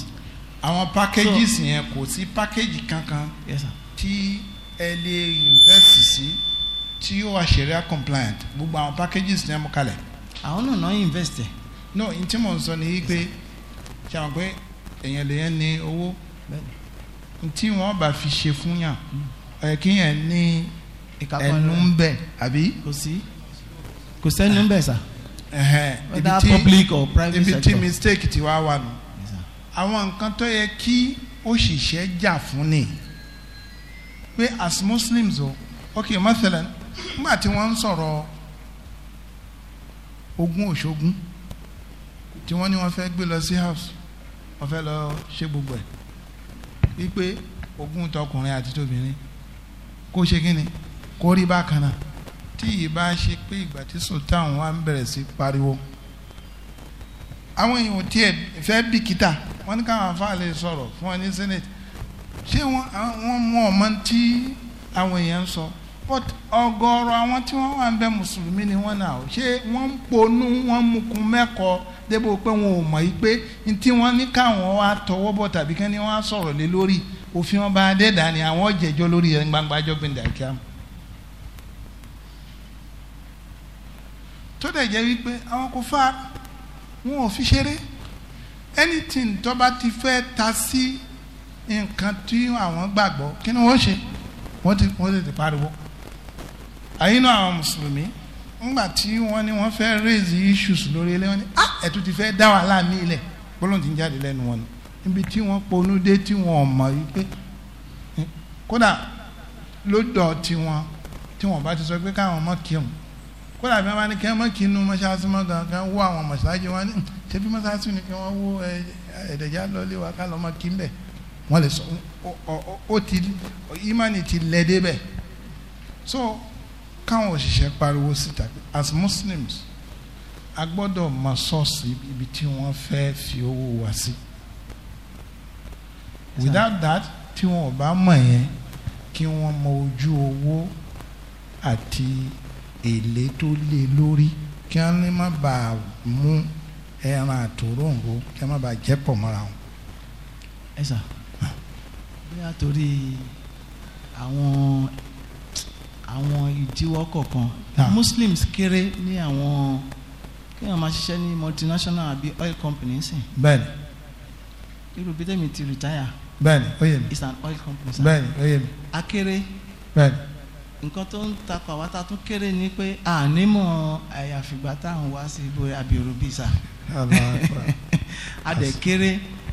àwọn packages yẹn kò sí package kankan. yes sir. tí ẹ lè invest sí. Si tí yóò wá ṣẹ̀ríà compliant gbogbo àwọn packages ní ẹmu kalẹ̀. àwọn náà náà invest. no n tí mò ń sọ ni pé ṣe àwọn pé èèyàn lè yẹn ní owó n tí wọ́n bá fi ṣe fún yàn ẹ̀ kí yẹn ní ẹnu ń bẹ̀ àbí. kò sí kò sẹ́nu ń bẹ̀ sà. whether public or private sector. ibi tí mistake ti wá wà nù. àwọn nǹkan tó yẹ kí òṣìṣẹ́ jà fún ni pé as muslims o okay mathalan nígbà tí wọ́n ń sọ̀rọ̀ ogún òṣogún tí wọ́n ní wọ́n fẹ́ gbé lọ sí house wọ́n fẹ́ lọ ṣe gbogbo ẹ̀ wípé ogún tọkùnrin àti tóbìnrin kó ṣe kí ni kó rí bákan náà tí yìí bá ṣe pé ìgbà tí sultan wa ń bẹ̀rẹ̀ sí pariwo àwọn èèyàn tiẹ̀ fẹ́ bìkítà wọ́n ní káwọn afáàlẹ́ sọ̀rọ̀ fún wọn senate ṣé wọ́n mú ọmọ tí àwọn èèyàn ń sọ but ọ̀gọ̀rọ̀ àwọn tí wọ́n wà ń bẹ mùsùlùmí ni wọ́n náà ṣé wọ́n ń ponú wọ́n ń mukun mẹ́kọ̀ọ́ débò pé wọn ò mọ̀ yìí pé n tí wọ́n ní káwọn wá tọwọ́ bọ̀ tàbí kí wọ́n á sọ̀rọ̀ lé lórí òfin ọba adẹ́dà ni àwọn jẹ̀jọ́ lórí ẹ̀ gbangba jọ́gbìn dàkíá. tó dẹ̀ jẹ́ wípé àwọn kò fa wọn ò fi ṣeré anything tó bá ti fẹ́ ta sí nǹkan tí àwọn gbàgbọ́ kí ni wọ́n ṣe wọ́n ti wọ́n ti pariwo àyínú àwọn mùsùlùmí ńgbà tí wọ́n ní wọ́n fẹ́ raise issues lórí ilé wọn ni ah ẹ̀tún ti fẹ́ dá wàhálà mí ilẹ̀ gbólóhùn ti ń jáde lẹ́nu wọn ni níbi tí wọ́n ponú dé tí wọ́n mọ̀ wípé hmm, kódà lódò tiwọn tí wọ́n bá ti sọ pé káwọn mọ̀ kírun kódà bí wọ́n bá ní kí wọ́n mọ̀ kí inú mọ́ṣáláṣí mọ́ gangan wó àwọn mọ̀ṣáláṣí wọn ni hmm, ṣé bí mọ́ṣáláṣí ni kí wọ́n wó ẹ̀ẹ́dẹ̀já lọ́lé wa ká lọ́ mọ̀ kí ń bẹ̀ wọ́n lè sọ ó ti ìmánì ti lẹ́ débẹ̀ so káwọn òṣìṣẹ́ pariwo síta as muslims a gbọ́dọ̀ mọ sọ́ọ̀sì ibi tí wọ́n fẹ́ fi owó wa sí without that tí wọn ò bá mọ̀ yẹn kí wọ́n mọ ojú owó àti èlé tó lé lórí kí wọ́n lè má bàa mú ẹran àtòróǹgbò kí wọ́n má bàa jẹ́ pọ̀ mọ́ra wọn. ẹ sà bí a torí àwọn àwọn ìdíwọ́ kọ̀ọ̀kan ah. muslims kéré ní àwọn kí wọ́n máa ṣiṣẹ́ ní multinational àbí oil company sìn. bẹ́ẹ̀ni. irú bí tẹ́mi ti retire. bẹ́ẹ̀ni ó yé mi. it's an oil company sir. bẹ́ẹ̀ni ó yé mi. a kéré. bẹ́ẹ̀ni. nǹkan tó ń takọ̀ àwa tún kéré ni pé ànímọ̀ àyàfìgbà táwọn wá sí ibo àbírú bíi sà. a dẹ̀ kéré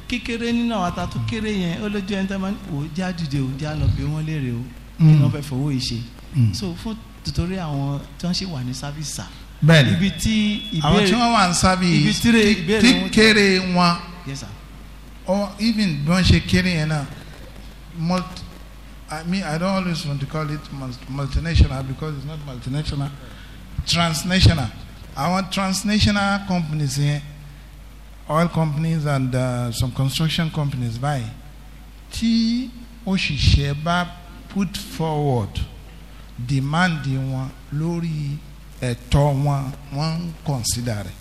kíkéré nínú àwa ta tún kéré yẹn ó lójú ẹni tẹ́ máa ń wò ó já dìde ó já lọ bí wọ́n léèrè ó kí hmm. wọ́n fẹ́ fowó yìí Mm. so fún tòtòrí àwọn tí wọ́n ṣì wà ní service sir. bẹ́ẹ̀ni ibi tí ìbéèrè àwọn tí wọ́n wà ní service tí kéré wọn or even bí wọ́n ṣe kéré yẹn náà multi I mean I don't always want to call it multinational because it's not multinational transnational Our transnational companies yẹn oil companies and uh, some construction companies báyìí tí òṣìṣẹ́ bá put forward dìmáàndì wọn lórí ẹ̀tọ́ wọn wọ́n ń kọ̀nsídà rẹ̀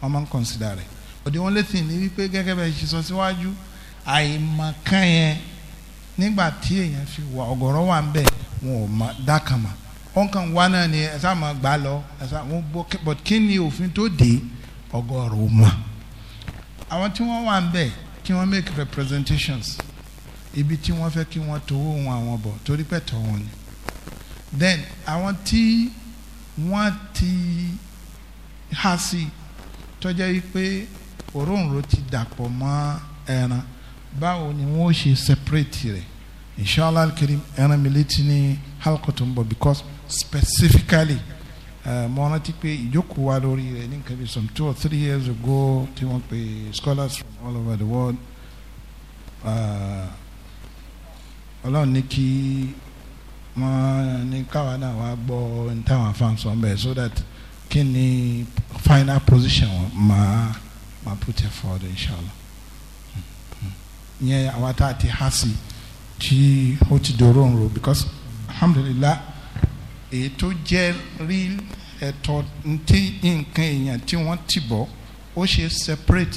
wọ́n máa ń kọ̀nsídà rẹ̀ òde wọn létí ní wípé gẹ́gẹ́ bẹ́ẹ̀ ṣe sọ síwájú àìmọ̀kan yẹn nígbà tí èèyàn fi wà ọ̀gọ̀rọ̀ wà ń bẹ̀ wọn ò mọ dákàmà wọn kàn wá náà ni ẹ sáà máa gbà lọ ẹ sáà wọn bọ but kí ni òfin tó dé ọ̀gọ̀rọ̀ ò mọ̀ àwọn tí wọ́n wà ń bẹ̀ kí wọ́n make representations ibi tí wọ́n fẹ́ kí wọ́n towó wọn àwọn bọ̀ torí pẹ̀tọ́ wọn ni then àwọn tí wọ́n ti há sí tọ́jọ́ yìí pé òróǹro ti dàpọ̀ mọ́ ẹran báwo ni wọ́n ṣe separate rẹ̀ inshallah kirim ẹran mi létí ní halkotun bọ̀ because specifically eh, mo rántí pé ìjókòó wa lórí rẹ̀ ní nǹkan bí some two or three years ago tí wọ́n pe scholars from all over the world eh, ọlọ́run ní kí wọ́n ní káwa náà wá gbọ́ ní táwọn afáàn so that kí ni final position wọn máa máa put it forward inshallah yẹn àwọn tá a ti há sí tí ó ti dòrò ń ro because alhamdulillah èyí tó jẹ́ real ẹ̀tọ́ ntí nǹkan èèyàn tí wọ́n ti bọ̀ ó ṣe separate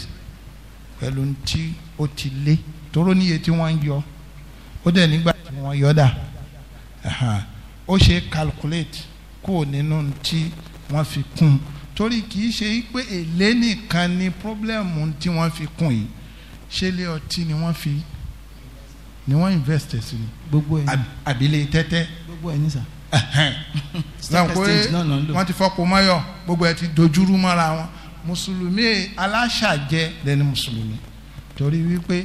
pẹ̀lú ntí ó ti lé toró níye tí wọ́n ń yọ ó dẹ̀ nígbà tí wọ́n yọ dà ó ṣe calculate kúrò nínú tí wọ́n fi kún torí kì í ṣe pé èlé nìkan ni pọ́blẹ́mù tí wọ́n fi kún yìí ṣé lé ọtí ni wọ́n fi ni wọ́n invest sí ni àbílẹ̀ tẹ́tẹ́ gbogbo ẹ̀ ní sà sàn pé wọ́n ti fọ́pọ̀ mọ́yọ̀ gbogbo ẹ̀ ti dojúrú mọ́ra wọn mùsùlùmí aláṣàjẹ lẹni mùsùlùmí torí wípé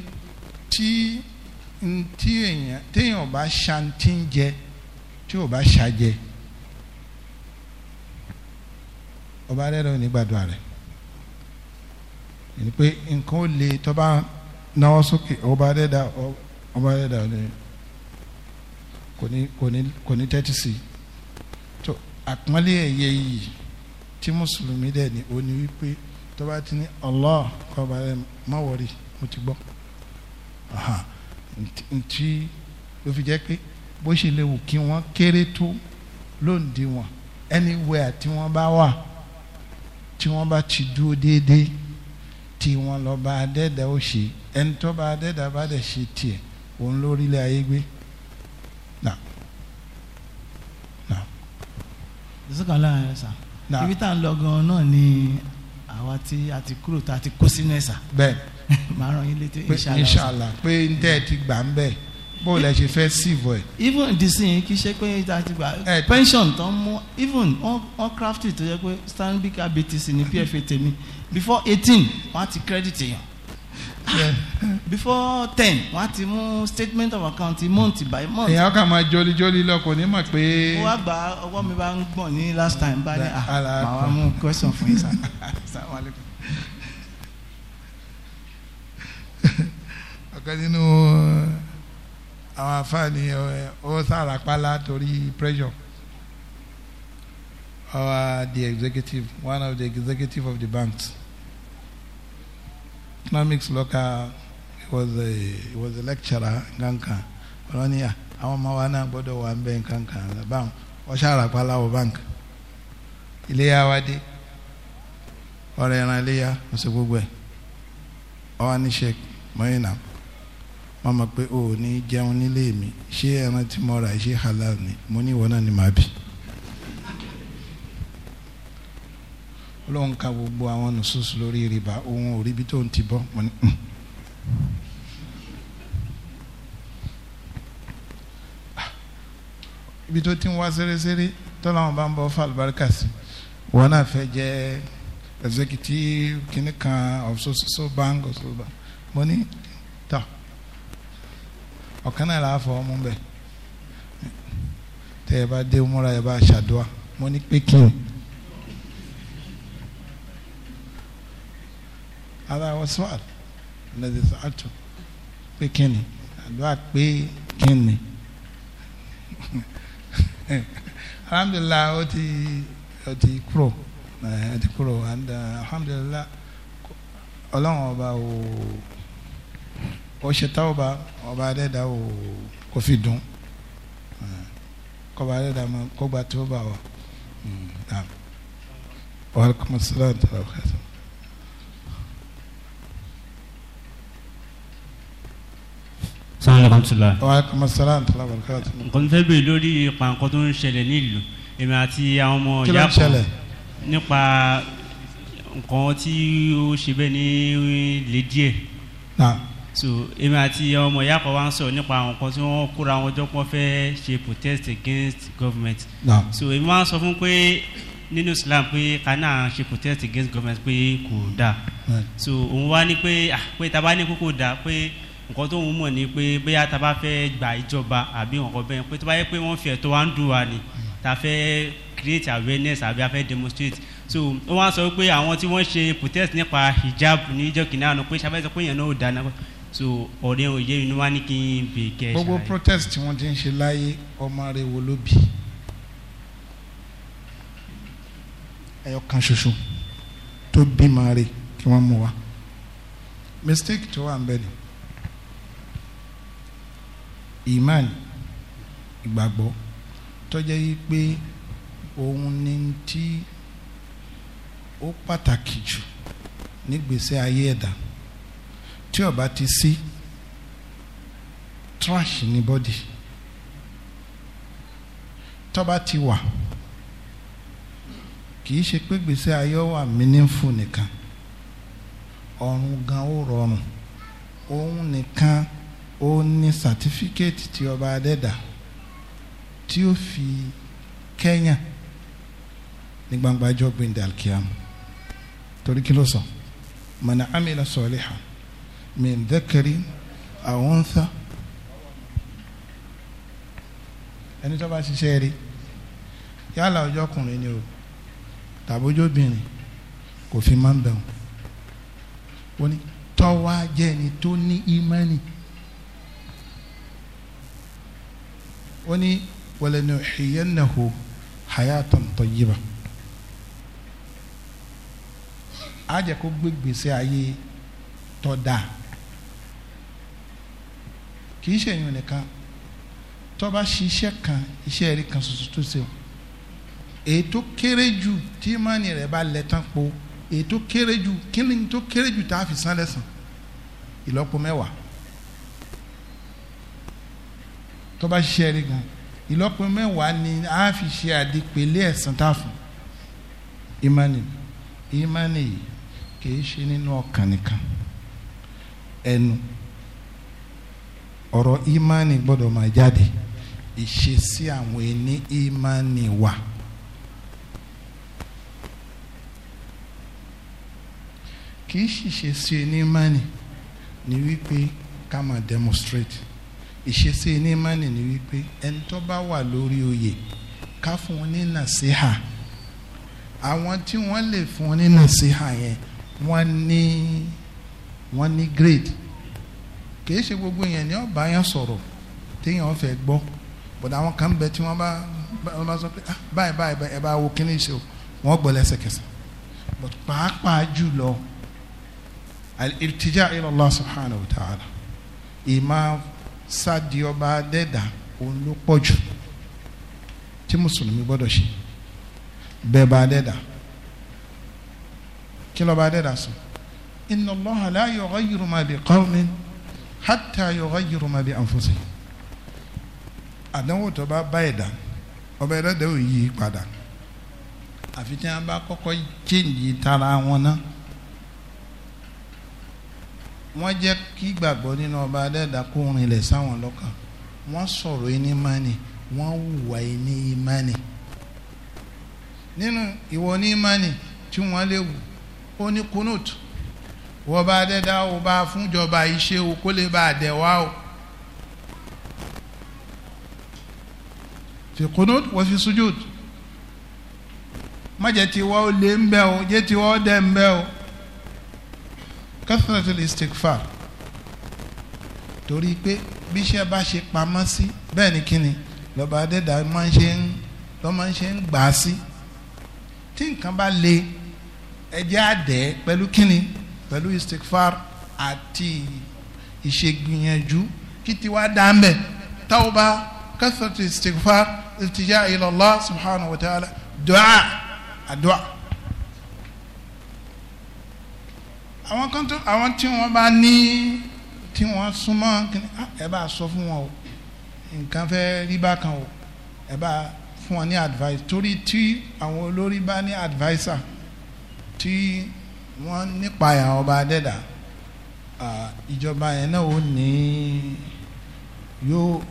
tí tí èèyàn téèyàn bá ṣàǹtí ń jẹ tí o bá ṣàjẹ ọba rẹ ló ní gbàdúrà rẹ ẹni pé nǹkan ó le tó bá náwó sókè ọba rẹ dá ọba rẹ dá kò ní kò ní kò ní tẹ́tí sí tó àpọ́nlé ẹ̀yẹ yìí tí mùsùlùmí dẹ̀ ni ó ní wípé tó bá ti ní Allah kọ́ ọba rẹ má wọrí mo ti gbọ́ ntí ló fi jẹ́ pé bó ṣe lè wù kí wọ́n kéré tó lóǹdí wọn anywhere tí wọ́n bá wà tí wọ́n bá ti dúró déédéé tí wọ́n lọ bá adẹ́dà ó ṣe ẹni tó bá adẹ́dà bá dẹ̀ ṣe tiẹ̀ òun lórílẹ̀ ayé gbé. ìsúkà ọlọ́run ibi tá à ń lọ gan-an náà ni àwa tí a ti kúrò tá a ti kó sínú ẹ̀ sà. bẹ́ẹ̀ [laughs] ràn yín létí inṣàlá. pé inṣàlá pé ń tẹ́ ẹ ti gbà ń bẹ́ẹ̀ bó lẹ ṣe fẹ́ síìvù ẹ. even disin kì í ṣe pé thirty gba pension tán mú even on craft to yẹ pé stanbic abtc ní pfa tèmi before eighteen wọ́n á ti credit èèyàn before ten wọ́n á ti mú statement of account month by month. èèyàn kà máa jolly jolly lọkọ ní mọ̀ pé. mo wá gba ọwọ́ mi bá ń gbọ̀n ní last time bá ní ah, màá wá mú question fún yín sá. ọ̀kan nínú àwọn afáàní ó sàràpálá torí pressure our the executive one of the executive of the banks economics local was a was a lecturer nkankan ọ̀rọ̀ ni àwọn ọmọ wa náà gbọ́dọ̀ wà ń bẹ nkankan báwọn ọ̀ṣà àràpálá wọ bank iléyà wa dé ọ̀rọ̀ ẹ̀ràn iléyà ọ̀sẹ̀ gbogbo ẹ̀ ọ̀wá ní sheik mọ́yìnà wọ́n mọ̀ pé o ò ní jẹun nílé mi ṣé ẹran tí mo rà ṣé halal ni mo ní ìwọ náà ni màá bì. olóhùn ka gbogbo àwọn nùsùsù lórí rìbá òun ò ríbi tó ń ti bọ́ mo ní. Mm. ibi tó ti ń wá sẹ́rẹ́sẹ́rẹ́ tọ́lá wọn bá ń bọ́ fàlùbáríkà sí wọn náà fẹ́ jẹ́ executive kìnnìkan of so so bank of so bank mo ní tà ọ̀kan náà làá fọ ọmú bẹ́ẹ̀ tẹ́ ẹ bá dé múra ẹ bá ṣàdúrà mo ní pé kí n. ara wọn sọ́ọ̀t lẹ́dí sọ́ọ̀tù pé kí ni àdúrà pé kí ni. [laughs] alhamdulilah ó ti ó ti kúrò ó ti kúrò and uh, alhamdulilah ọlọ́run ọba ò ó ṣe táwọ̀bà ọba adẹ́dá ò kò fi dùn kọba adẹ́dá mọ kó gba tó bá wà. wàlúkọ̀mọ̀ sílẹ̀ ọ̀tọ̀ ọ̀kẹ́sọ̀. sàlámùtúlá. wàhálà sàlámùtúlá bàrúkàtà. nǹkan fẹ́ bèèrè lórí pàǹkọ́ tó ń ṣẹlẹ̀ nílùú èmi àti àwọn ọmọ ìyá nípa nǹkan tí ó ṣe bẹ́ẹ̀ ní lè díẹ̀ so èmi àti ọmọ ìyá kan wá ń sọ nípa àwọn kan tí wọ́n kóra wọn jọ pọ́n fẹ́ ṣe protest against government so èmi máa ń sọ fún pé nínú islam pé ká náà ṣe protest against government pé kò dáa so òun wá ní pé ah pé tá a bá ní kókò dáa pé nǹkan tó ń mọ̀ ni pé bóyá tá a gba ìjọba àbí nǹkan bẹ́ẹ̀ pé tó yẹ pé wọ́n fi ẹ̀tọ́ wa ń dùn wa ni tá a create awareness àbí a fẹ́ demonstrate so wọ́n wá sọ pé àwọn tí wọ́n ṣe protest nípa hijab ní ìjọ kìnìún àná pé ṣàfẹ́ sọ pé èèyàn náà ò dáná so ọ̀rẹ́ ò yé inú wa ní kí n bè kẹ́ ẹ̀ ṣáà. gbogbo protest tí wọ́n ti ń ṣe láyé ọmọ rẹ̀ wo ló bì ẹyọ kan ṣoṣo tó bímọ rẹ̀ kí wọ́n mú wa mistake tó wà ń bẹ ni iman ìgbàgbọ́ tó jẹ́ yìí pé òun ni tí ó pàtàkì jù nígbèsè ayé ẹ̀dá. E tí ó bá ti sí trash ní bọ́dì tó bá ti wà kì í ṣe pé gbèsè ayé wà meaningful nìkan ọ̀run gan ó rọrùn òun nìkan ó ní sàtífíkẹ́ẹ̀tì tí ọba adẹ́dà tí ó fi kẹ́yàn ní gbangba ọjọ́ gbẹ̀ndẹ̀ alkiam torí kí ló sọ mọ̀nà amílẹ̀ sọ̀lẹ́hàn. من ذكر أو أنثى ẹni tó bá ṣiṣẹ́ rí yálà ọjọ́ ọkùnrin ni o tàbójóbìnrin kò fi máa ń bẹ̀rù ó ní tọ́wá jẹ́ ẹni tó ní ìmánì ó ní walanuhyiyannahu hayatan tayyiba á jẹ́ kó gbégbèsè ayé tọ́ dáa kì í ṣe èèyàn nìkan tó bá ṣiṣẹ́ kan iṣẹ́ rí kan ṣoṣo tó ṣe o èyí tó kéré jù tí ìmánì rẹ̀ bá lẹ̀ tán po èyí tó kéré jù kíni tó kéré jù tá a fi san lẹ́sàn ìlọ́po mẹ́wàá tó ṣiṣẹ́ rí gan ìlọ́po mẹ́wàá ni a fi ṣe àdìpèlé ẹ̀sán tá a fún ìmánì ìmánì kì í ṣe nínú ọkàn nìkan ẹnu. E ọ̀rọ̀ ìmánì gbọ́dọ̀ máa jáde ìṣesí àwọn ẹni ìmánì wà. kì í ṣiṣẹ́ sí ẹni ìmánì ni wípé ká máa demonstrate ìṣesí ẹni ìmánì ni wípé ẹni tó bá wà lórí oyè ká fún un ní nàṣíhà àwọn tí wọ́n lè fún un ní nàṣíhà yẹn wọ́n ní wọ́n ní grade kì í ṣe gbogbo èèyàn ni ọba yẹn sọ̀rọ̀ téèyàn fẹ́ gbọ́ bọ̀dọ̀ àwọn kan bẹ tí wọ́n bá wọ́n bá sọ pé ah, báyìí báyìí ẹ bá wo kíní ṣe o wọ́n gbọ́ lẹ́sẹ̀kẹsẹ̀ but pàápàá jùlọ al-iltija ila Allah subhanahu wa ta'ala ìmá sádi ọba dẹ́dà òun ló pọ̀ jù tí mùsùlùmí gbọ́dọ̀ ṣe bẹ́ẹ̀ bá dẹ́dà kí lọ́ba dẹ́dà sọ inna Allah la yughayyiru ma bi qawmin hatta yughayyiru ma bi anfusihim àdánwò tó bá bá ẹ̀dá ọba ẹ̀dá dẹ́wò yí padà àfi tí wọn bá kọ́kọ́ chéǹdì tara wọn ná wọ́n jẹ́ kí gbàgbọ́ nínú ọba adẹ́dá kó rinlẹ̀ sáwọn lọ́kàn wọ́n sọ̀rọ̀ ẹni mánì wọ́n hùwà ẹni mánì nínú ìwọ ní mánì tí wọ́n léwu ó ní kunut wọ́n bá dẹ́dá o bá fúnjọba iṣẹ́ o kó lè bá dẹ̀ wá o. fi wọ́n fi sujud má jẹ́ tiwọ́ ó lé ń bẹ́ o jẹ́ tiwọ́ ó dẹ̀ ń bẹ́ o kathratul istighfar torí pé bí iṣẹ́ bá ṣe pamọ́ sí bẹ́ẹ̀ ni kíni lọ́ba adẹ́dá máa ń ṣe ń lọ́mọ ń ṣe ń gbà á sí tí nǹkan bá le ẹjẹ́ àdẹ́ pẹ̀lú kíni pẹ̀lú istikfar àti ìṣègbìyànjú kí tiwa dá ń bẹ̀ tawba kẹsàtì istikfar iltija ila Allah subhanahu wa ta'ala dua adua. àwọn kan tó àwọn tí wọ́n bá ní tí wọ́n súnmọ́ ah, ẹ bá sọ fún wọn o nǹkan fẹ́ rí bákan o ẹ bá fún wọn ní advice torí tí àwọn olórí bá ní adviser tí wọ́n nípa àwọn ọba adẹ́dà ìjọba yẹn náà ó ní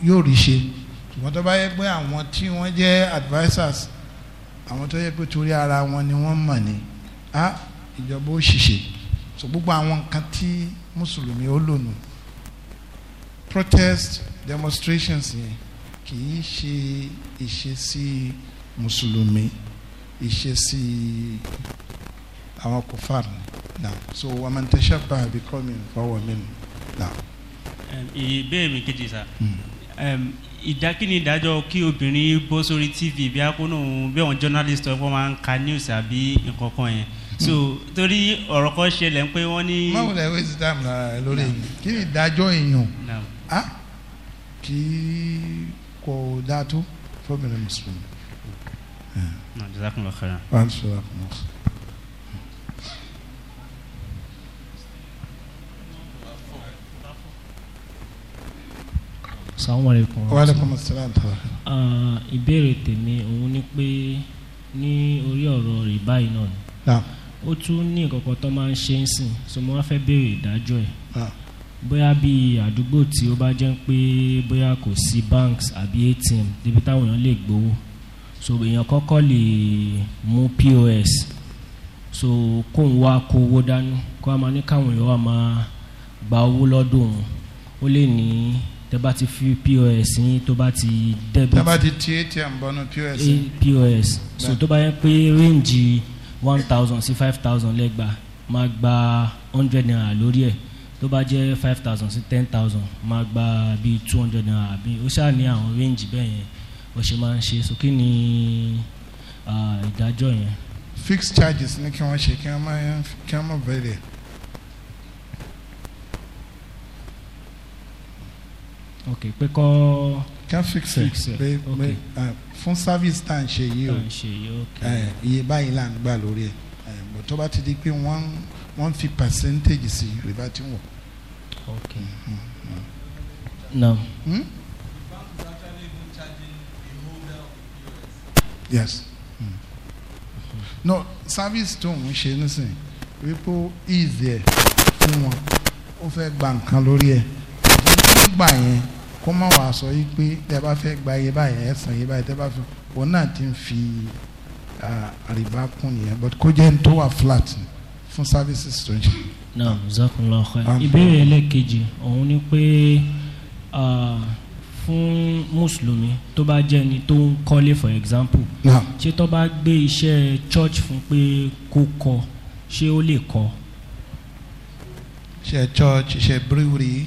yóò rí ṣe ṣùgbọ́n tó bá yẹ pé àwọn tí wọ́n jẹ́ advisers àwọn tó yẹ pé torí ara wọn ni wọ́n mọ̀ ní á ìjọba ó ṣiṣẹ́ so gbogbo àwọn nǹkan tí mùsùlùmí ó lò nù protest demonstrations yẹn kì í ṣe ìṣesí mùsùlùmí ìṣesí àwọn kòfàr náà so wọ́n máa ń tẹ́sẹ̀ bá a bí kọ́mi fọwọ́ mi náà. ìbéèrè kejì sá hmm. ìdákíni ìdájọ́ kí obìnrin bọ́ sórí tv bí akónú bí àwọn journalist ọ̀pọ̀ máa ń ka news àbí nǹkan yẹn hmm. so torí ọ̀rọ̀ kan ṣẹlẹ̀ pé wọ́n ní. báwo la waste time lára rẹ lórí èyí kí ni ìdájọ́ èèyàn á kí kò dáa tó fọ́bìnrin mùsùlùmí. sàmúwàlẹ́kùn. wàlẹ́kùn sàlám. ìbéèrè tèmi òun ni pé ní orí ọ̀rọ̀ rìbá yìí náà ni. ó tún ní ìkọ̀kọ̀ tó máa ń ṣe ń sìn so mo wá fẹ́ béèrè ìdájọ́ ẹ̀. bóyá bí àdúgbò tí ó bá jẹ́ pé bóyá kò sí banks àbí atm débi táwọn èèyàn lè gbowó so èèyàn kọ́kọ́ lè mú pos so kó ń wá kó owó dání kó a máa ní káwọn èèyàn wá máa gba owó lọ́dún ó lè ní tẹ bá ti fi pos yín tó bá ti debit. tẹ bá ti ti atm bọ́nu pos. Eh, pos so tó bá yẹ pé range one thousand sí five thousand lẹ́gbà máa gba hundred naira lórí ẹ̀ tó bá jẹ́ five thousand sí ten thousand máa gba bíi two hundred naira àbí ó ṣáà ní àwọn range bẹ́ẹ̀ yẹn bó ṣe máa ń ṣe so kí ni ìdájọ́ yẹn. fixed charges ni kí wọ́n ṣe kí wọ́n máa bẹ̀rẹ̀. ok pé kọ́. ká fix ẹ pé pé fún service tá à ń ṣe yìí o tá à ń ṣe yìí ok iye báyìí là ń gbà lórí ẹ tó bá ti di pé wọ́n wọ́n fi percentage sí rìbá tí wọ̀. ok mhm, mhm. now. Hmm? yes hmm no service tó ń ṣe nísìnyí wípé easy ẹ fún wọn ó fẹ́ gba nǹkan lórí ẹ nígbà yẹn kó má wàá sọ yìí pé tẹ bá fẹ́ gba iye báyìí ẹ san iye báyìí tẹ bá fẹ́ òun náà ti ń fi àrìbá kún nìyẹn but kó jẹ́ n tó wà flat fún services tó jẹ́. naam zakunlọ ọkọ ìbéèrè ẹlẹ́kejì òun ni pé fún mùsùlùmí tó bá jẹ́ ẹni tó ń kọ́lé for example ṣé tó bá gbé iṣẹ́ church fún pé kó kọ́ ṣé ó lè kọ́. iṣẹ́ church iṣẹ́ brewery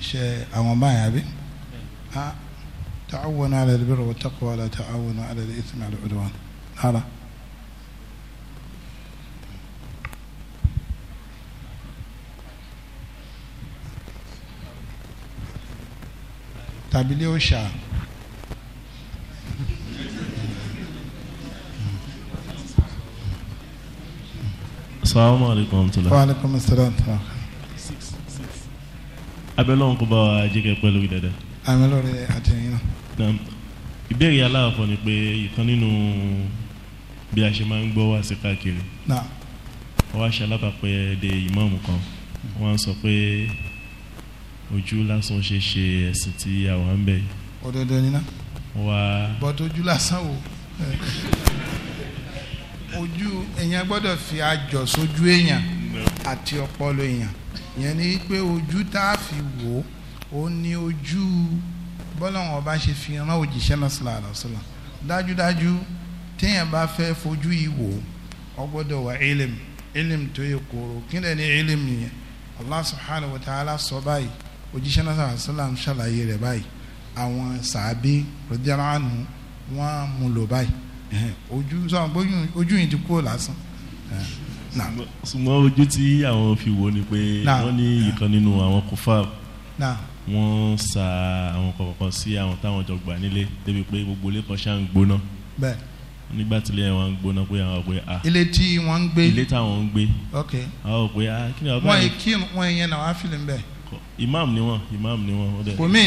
شيء تعاون على البر والتقوى لا تعاون على الإثم على العدوان هلا تابليو طيب، شا السلام عليكم ورحمة الله وعليكم السلام abẹ́lọ́run kó bá wa jẹ́kẹ́ pẹ́ lórí dáadáa. àmì lórí àtẹ̀yìn náà. ìbéèrè aláàfọ̀ ni pé ìkan nínú bí a ṣe máa ń gbọ́ wá sí káàkiri wọ́n wá ṣe alábàápẹ́ de ìmáàmù kan wọ́n á sọ pé ojú lásán ṣe ṣe ẹ̀sìn tí àwọn ń bẹ̀. òdodo ni ná. wá. bọ́tò ojú lásán o ojú èèyàn gbọ́dọ̀ fi àjọ sójú èèyàn àti ọpọlọ èèyàn ìyẹn ni pé ojú tá a fi wò ó ní ojú bọ́lọ́wọ́n ọba ṣe fi rán òjíṣẹ́ náà sílá àlọ́ sílá dájúdájú téèyàn bá fẹ́ fojú yìí wò ó gbọ́dọ̀ wà ilim ilim tó yẹ kóró kí lè ní ilim yẹn allah subhanahu wa ta'ala sọ báyìí òjíṣẹ́ náà sílá sílá ń ṣàlàyé rẹ̀ báyìí àwọn sàábí radiyallahu anhu wọ́n á mú lò báyìí ojú sọ̀rọ̀ ojú yìí ti kúrò lásán ṣùgbọ́n ojú tí àwọn fi wò ni pé wọ́n ní ìkan nínú àwọn kòfà wọ́n sa àwọn kọ̀ọ̀kan sí àwọn táwọn jọ gbà nílé débi pé gbogbo ilé kan ṣá ń gbóná nígbà tí ilé wọn ń gbóná pé àwọn ọ̀gbẹ́ a. Ah, ilé tí wọ́n ń gbé. ilé táwọn ń gbé. ok àwọn ọ̀gbẹ́ a ah, kí ni ọba yẹn. wọ́n kí wọ́n yẹn náà wá fìlì ń imam ni wọn imam ni wọn. kò mí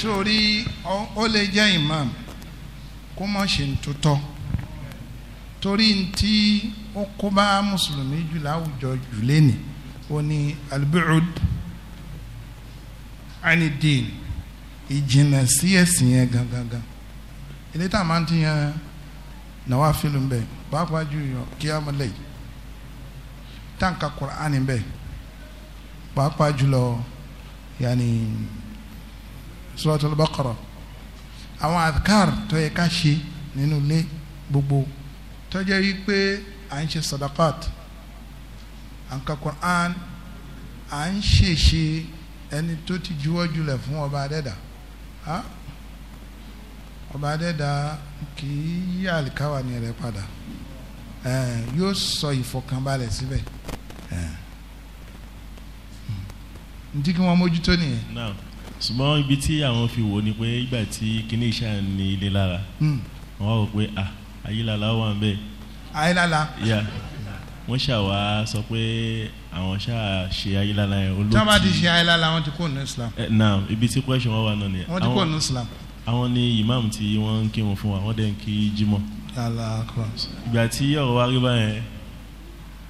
sórí ó lè jẹ́ imam kó mọ̀ ṣe ń tutọ́ torí tí ó kó bá mùsùlùmí jù láwùjọ jù lẹ́nì ó ní albuud anidin ìjìnà sí ẹ̀sìn yẹn gangan ilé tá a máa ń ti yan nawafilu ń bẹ pàápàá jù yàn kíámọ́lẹ̀ táǹkà kùránì ń bẹ pàápàá jùlọ yanni suratul àwọn adkar tó yẹ ká ṣe nínú ilé gbogbo tó jẹ́ wípé à ń ṣe sadakat à ń ka Quran à ń ṣèṣe ẹni tó ti juwọ́ julẹ̀ fún ọba adẹ́dà ọba adẹ́dà kì í yí àlìkáwà ní rẹ̀ padà yóò sọ ìfọkànbalẹ̀ síbẹ̀ ntí hmm. kí wọ́n mójútó nìyẹn. ṣùgbọ́n ibi tí àwọn fi wò ni pé ìgbà tí kinní iṣẹ́ ní ilé lára hmm. wọ́n rò pé ah ayílala wà ń bẹ. ayílala. ya wọ́n ṣàwá sọ pé àwọn ṣáà ṣe ayílala yẹn olóòtú. táwọn bá ti ṣe ayílala wọn ti kó ní islam. ẹ eh, náà ibi tí question wọn wà náà nìyẹn. wọn ti kó ní islam. àwọn ni imam tí wọ́n ń kírun fún wa wọ́n dẹ̀ ń kí jímọ̀. ìgbà tí ọ̀rọ̀ wa rí báyẹn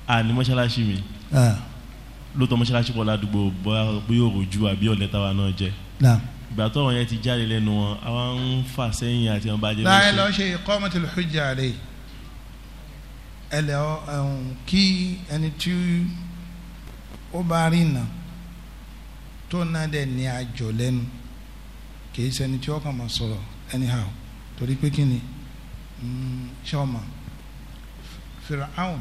a ní mọ́ṣáláṣí mi ah. lóòótọ́ mọ́ṣáláṣí pọ̀ ládùúgbò bóyá yóò rojú àbí ọ̀lẹ́tàwa náà jẹ́ ìgbà tó wọn yẹn ti jáde lẹ́nu wọn àwọn ń fà sẹ́yìn àti wọn bá jẹ́ lọ́sẹ̀. láyé lọ ṣe iqamatul hujja rè ẹ lẹ kí ẹni tí ó bá rí nà tó náà dẹ̀ ní àjọ lẹ́nu kì í ṣẹni tí ó kàn máa sọ̀rọ̀ anyhow torí pé kí ni hmm, ṣọ́ọ̀mà Firaun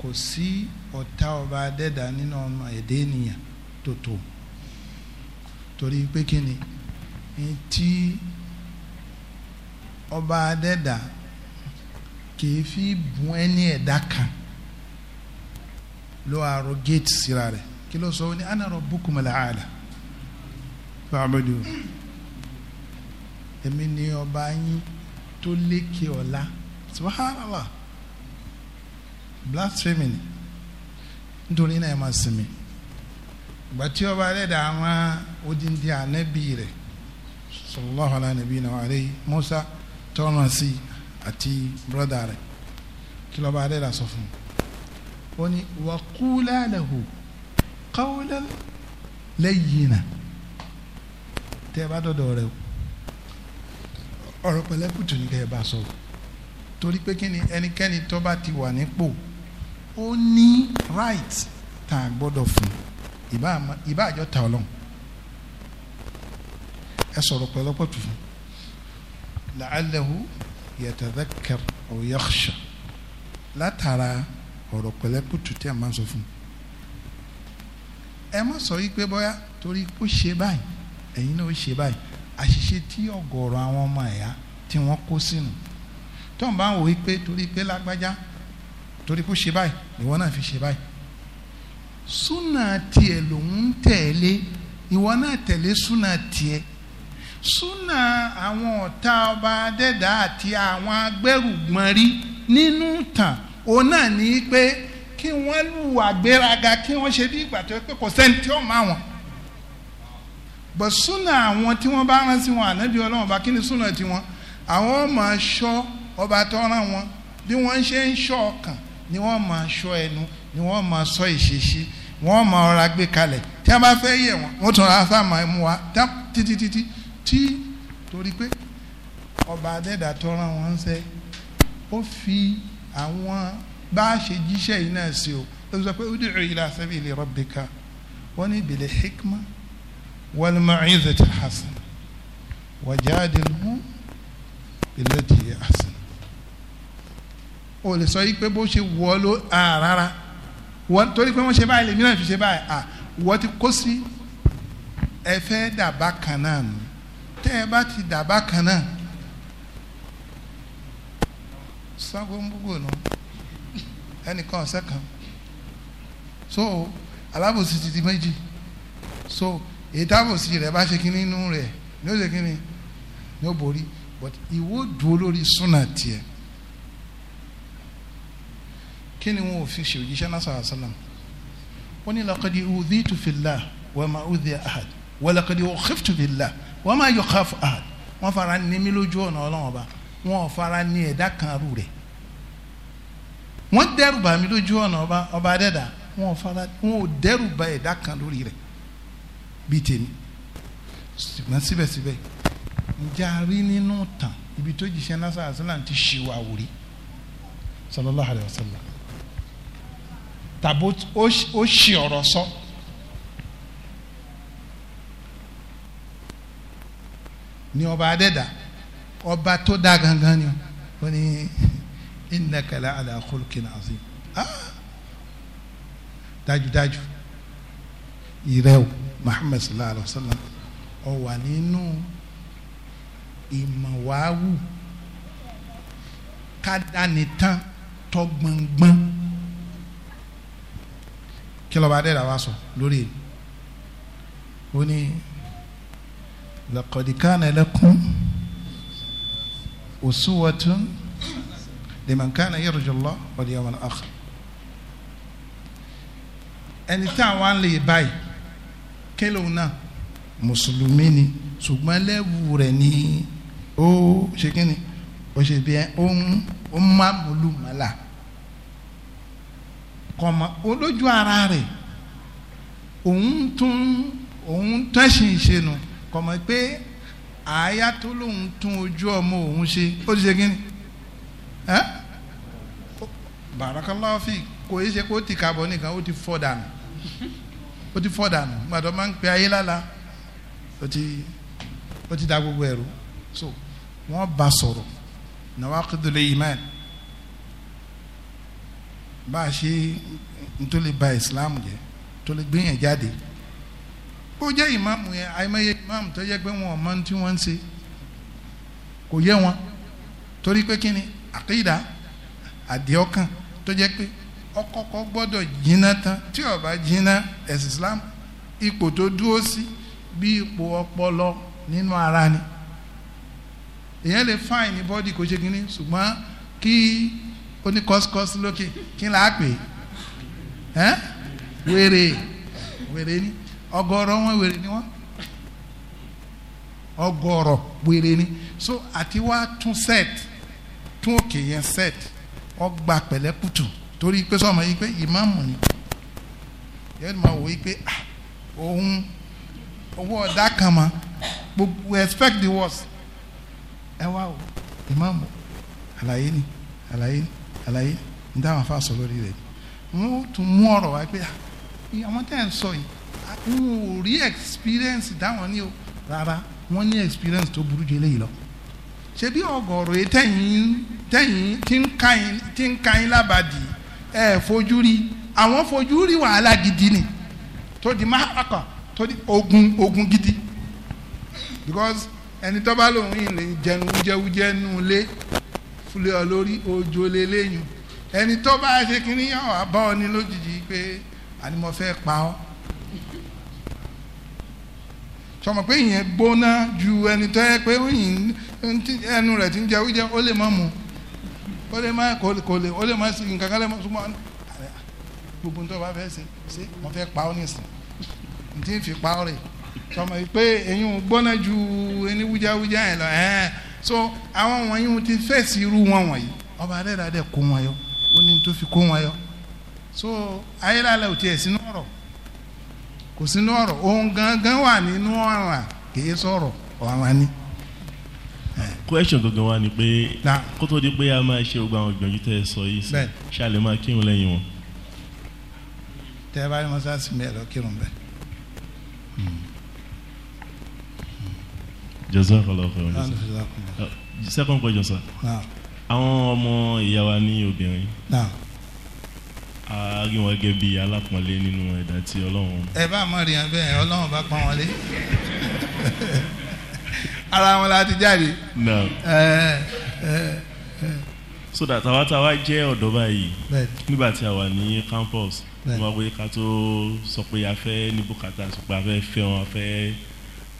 kò sí ọ̀tá ọba adẹ́dà nínú ọmọ ẹ̀dẹ́ ènìyàn tó tó torí pé kí ni tí ọba adẹ́dà kìí fi bùn ẹni ẹ̀dá kan ló arrogate síra rẹ̀ kí ló sọ wọn ni ana rabbukumul aala fa'budu èmi ni ọba yín tó lékè ọ̀la subhanallah blasphemy nítorí náà ẹ máa sinmi. ìgbà tí ọba ẹlẹ́dàá àwọn odindi a rẹ̀ sallallahu ala nabiyina wa alayhi Musa tọ́mọ̀sì àti bọ́dà rẹ̀ kí lọ́ba ẹlẹ́dàá sọ wa qula lahu qawlan layyina tẹ́ ẹ bá dọ̀dọ̀ rẹ̀ ọ̀rọ̀ pẹ̀lẹ́kùtù ni kẹ́ ẹ bá sọ torí pé kí ni ẹnikẹ́ni tó ti wà nípò ó ní right tá a gbọ́dọ̀ ìbá àjọ ta ọlọ́run ẹ sọ̀rọ̀ pẹ̀lú ọpọ̀ tuntun la'allahu yatadhakkar aw yakhsha látara ọ̀rọ̀ pẹ̀lẹ́pùtù tí a máa ń sọ fún un ẹ má sọ yí pé bóyá torí kó ṣe báyìí ẹ̀yin náà ó ṣe báyìí àṣìṣe tí ọ̀gọ̀ọ̀rọ̀ àwọn ọmọ ẹ̀yà tí wọ́n kó sínú tó ń bá wò wí torí pé lágbájá torí kó ṣe báyìí ìwọ náà fi ṣe báyìí súnà tiẹ̀ lòún tẹ̀lé ìwọ náà tẹ̀lé súnà tiẹ̀ súnà àwọn ọ̀tá ọba adẹ́dá àti àwọn agbẹ́rùgbọ́n rí nínú tàn òun náà ní pé kí wọ́n lù àgbéraga kí wọ́n ṣe bí ìgbà tó pé kò sẹ́ni tí ó máa wọ̀n bọ̀ súnà àwọn tí wọ́n bá rán sí wọn ànábì ọlọ́run bá kí ni súnà tiwọn àwọn ọmọ ṣọ́ ọba tó rán wọn bí wọ́n ṣe ń ṣọ́ ọkàn ni wọ́n máa ṣọ́ ẹnu ni wọ́n máa sọ ìṣesí wọ́n máa ọ̀rá gbé kalẹ̀ tí a bá fẹ́ yẹ̀ wọ́n wọ́n tún ra sáà máa mú wa títí títí tí torí pé ọba adẹ́dà tó rán wọn ń sẹ́ ó fi àwọn bá a ṣe jíṣẹ́ yìí náà sí o ó sọ pé ud'u ila sabili rabbika wọ́n ní bil hikma wal ma'izati hasana wajadilhum billati hiya ahsan o lè sọ yìí pé bó ṣe wọ́ ló ah, rárá wọ́n torí pé wọ́n ṣe báyìí lèmi náà fi ṣe báyìí à wọ́n ti kó sí ẹ fẹ́ dàbá kan náà nù tẹ́ ẹ bá ti dàbá kan náà sango ń nù ẹnìkan ọ̀sẹ̀ kan so alábòsí ti di méjì so èyí tábòsí rẹ̀ bá ṣe kínní inú rẹ̀ ní ó ṣe kínní ní ó borí but ìwọ dúró lórí súnà tiẹ̀ kí ni wọn ò fi ṣe òjíṣẹ́ náà sọ̀rọ̀ sọ́lá wọn ni laqad udhitu fillah wa ma udhiya ahad wa laqad ukhiftu billah wa ma yukhafu ahad wọn fara ní mi lójú ọ̀nà ọlọ́wọ́n ba wọn fara ní ẹ̀dá kan rú rẹ̀ wọn dẹ́rù bà mí lójú ọ̀nà ọba ọba adẹ́dà wọn fara wọn ò dẹ́rù ẹ̀dá kan lórí rẹ̀ bíi tèmi ṣùgbọ́n síbẹ̀síbẹ̀ ǹjẹ́ nínú tàn ibi tó jìṣẹ́ náà sọ̀rọ̀ sọ́lá ti ṣìwà wòrí sallallahu alaihi wasallam tàbí ó ṣì ọ̀rọ̀ sọ. ni ọba adẹ́dà ọba tó dá gangan ni ó ní innaka la ala khulqin azim ah! dájúdájú ìrẹ́ o muhammed sallallahu alayhi wa sallam ó wà nínú ìmọ̀wáwù kádánitán tọ́gbọ̀ngbọ̀n kí lọ́ba adẹ́rẹ́ àwa sọ lórí èyí ó ní laqad kana lakum uswatun liman kana yarju Allah wal yawmal akhir ẹni tí àwọn lè báyìí kélo náà mùsùlùmí ni ni ó ṣe ni ó ṣe bí ẹ ó ń ó ń kọ̀mọ́ olójú ara rẹ̀ òun tún òun tẹ̀sìn ìṣẹ̀nu kọ̀mọ́ pé àáyá tó lóun tún ojú ọmọ òun ṣe ó ti ṣe kí ni ẹ́ fi kò í ṣe kó ti kàbọ̀ nìkan ó ti fọ́ dànù ó ti fọ́ dànù gbàdọ̀ máa ń pe ayé lála ó ti ó ti da gbogbo ẹ̀rú so wọ́n bá sọ̀rọ̀ nawaqidul iman. bá a ṣe tó lè ba islam jẹ tó lè gbé yẹn jáde o jẹ ìmáàmù yẹn àìmọye ìmáàmù tó jẹ pé wọn ò mọ tí wọ́n ń wọn torí pé kí ni àkídà tó pé ọkọ̀ọ̀kọ̀ gbọdọ jiná tán tí ó bá islam ipò tó dúró sí bí ipò ọpọlọ nínú ara ni ó ní kọ́síkọ́sí lókè kí là á pè é wèrè wèrè ni ọ̀gọ̀rọ̀ wọn wèrè ni wọn ọ̀gọ̀rọ̀ wèrè ni so àti wá tún set tún òkè yẹn set ọgbà pẹ̀lẹ́kùtù torí pé sọmọ yìí pé ìmáàmù ni yẹn máa wò yìí pé òun owó ọ̀dà kan ma gbogbo expect the worst ẹ wá o ìmáàmù àlàyé ni àlàyé ni àlàyé ní táwọn afa sọ lórí rẹ̀ wọ́n tún mú ọ̀rọ̀ wá pé ah, àwọn tẹ́ ń sọ yìí wọn ò rí experience dáwọn ní o rárá wọ́n ní experience tó burú jẹ́ léyìí lọ ṣe bí ọ̀gọ̀rọ̀ yìí tẹ̀yìn tẹ̀yìn tí ń ka yín lábàdì ẹ̀ fojú rí àwọn fojú rí wàhálà gidi ni tó di máàkà tó di ogun ogun gidi because ẹni tó bá lòun yìí lè jẹun jẹun jẹun lé lé ọ lórí ojú lélẹ́yìn ẹni tó bá ṣe kí níyàn wà bá ọ ní lójijì pé àní mo fẹ́ pa ọ́ sọmọ pé ìyẹn gbóná ju ẹni tó yẹ pé ẹnu rẹ̀ ti ń jẹ oúnjẹ ó lè má mu ó lè má kò lè ó lè má sí nǹkan kan lè má súnmọ́ gbogbo tó bá fẹ́ ṣe ṣe mo fẹ́ pa ọ́ nísìnyí n ti fi pa ọ́ rẹ̀ sọmọ pé ẹ̀yin gbóná ju ẹni wújáwújá yẹn lọ ẹ̀ẹ́ so àwọn wọ̀nyí wọn ti fèsì irú wọn wọ̀nyí ọba adẹ́dàá dẹ̀ kó wọn yọ ó ní tó fi kó wọn yọ so ayélujára ò tiẹ̀ sínú ọ̀rọ̀ kò sínú ọ̀rọ̀ òun gangan wà nínú ọ̀ràn kìí sọ̀rọ̀ ọ̀ràn ni. question gangan wa ni pé kó tó di pé a máa ṣe gbogbo àwọn ìgbìyànjú tẹ́ ẹ sọ yìí sí ṣàlẹ̀ máa kírun lẹ́yìn wọn. tẹ́ ẹ bá rí mọ́sáàsì mi ẹ̀ lọ kírun bẹ́ẹ̀. Hmm. Jazakallahu khairan. second question sir. àwọn ọmọ ìyá wa ní obìnrin. Ah. a rí wọn gẹ́gẹ́ bí alápọ̀nlé nínú ẹ̀dá tí ọlọ́run. ẹ bá mọ̀ rí wọn bẹ́ẹ̀ ọlọ́run bá pọ́n wọn lé. ara wọn la ti jáde. so that àwa táwa jẹ́ ọ̀dọ́ báyìí nígbà tí a wà ní campus wọ́n wá pé ká tó sọ pé a fẹ́ ní bùkátà sọ pé a fẹ́ fẹ́ wọn a fẹ́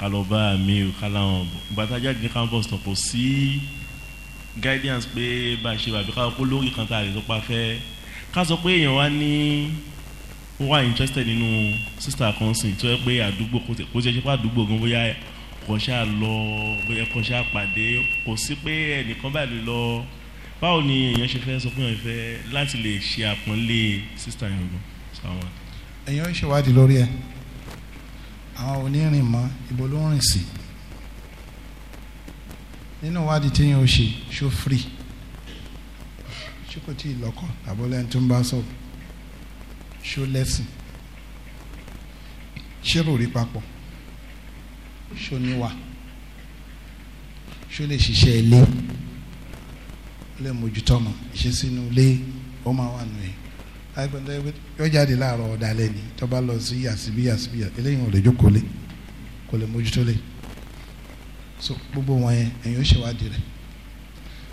kálọ́bá mi ò káláwọn gbàtàjà ní campus tọ̀pọ̀ sí guidance pé bá a ṣe wà bí káwọn kó lórí kan tá a lè tó pa fẹ́ ká sọ pé èèyàn wá ní ó wà interested nínú sister kan sìn tó yẹ pé àdúgbò kò ṣe ṣe pé àdúgbò gan bóyá kọ́ṣà lọ bóyá kọ́ṣà pàdé kò sí pé ẹnìkan báyìí lọ báwo ni èèyàn ṣe fẹ́ sọ fún èèyàn fẹ́ láti lè ṣe àpọ́nlé sister yẹn gan. èèyàn ń ṣèwádìí lórí ẹ̀ àwọn onírìn mọ́ ibo ló ń rìn sí nínú ìwádìí tí yẹn ò ṣe ṣó free ṣé kò tí ì lọ́kọ̀ àbọ̀lẹ̀ tó ń bá sọ̀rọ̀ ṣó lẹ́sìn ṣé rò rí papọ̀ ṣó níwà ṣó lè ṣiṣẹ́ ilé ó lè mójútó ọmọ ìṣesínú ilé ó máa wà nù yìí àgbẹ̀ntọ́ yóò jáde láàárọ̀ ọ̀dàlẹ̀ ni tó bá lọ sí yàsíbí yàsíbí eléyìí ò lè jókòó lé kò lè mójútó lé so gbogbo wọn yẹn ẹ̀yin ó ṣèwádìí rẹ̀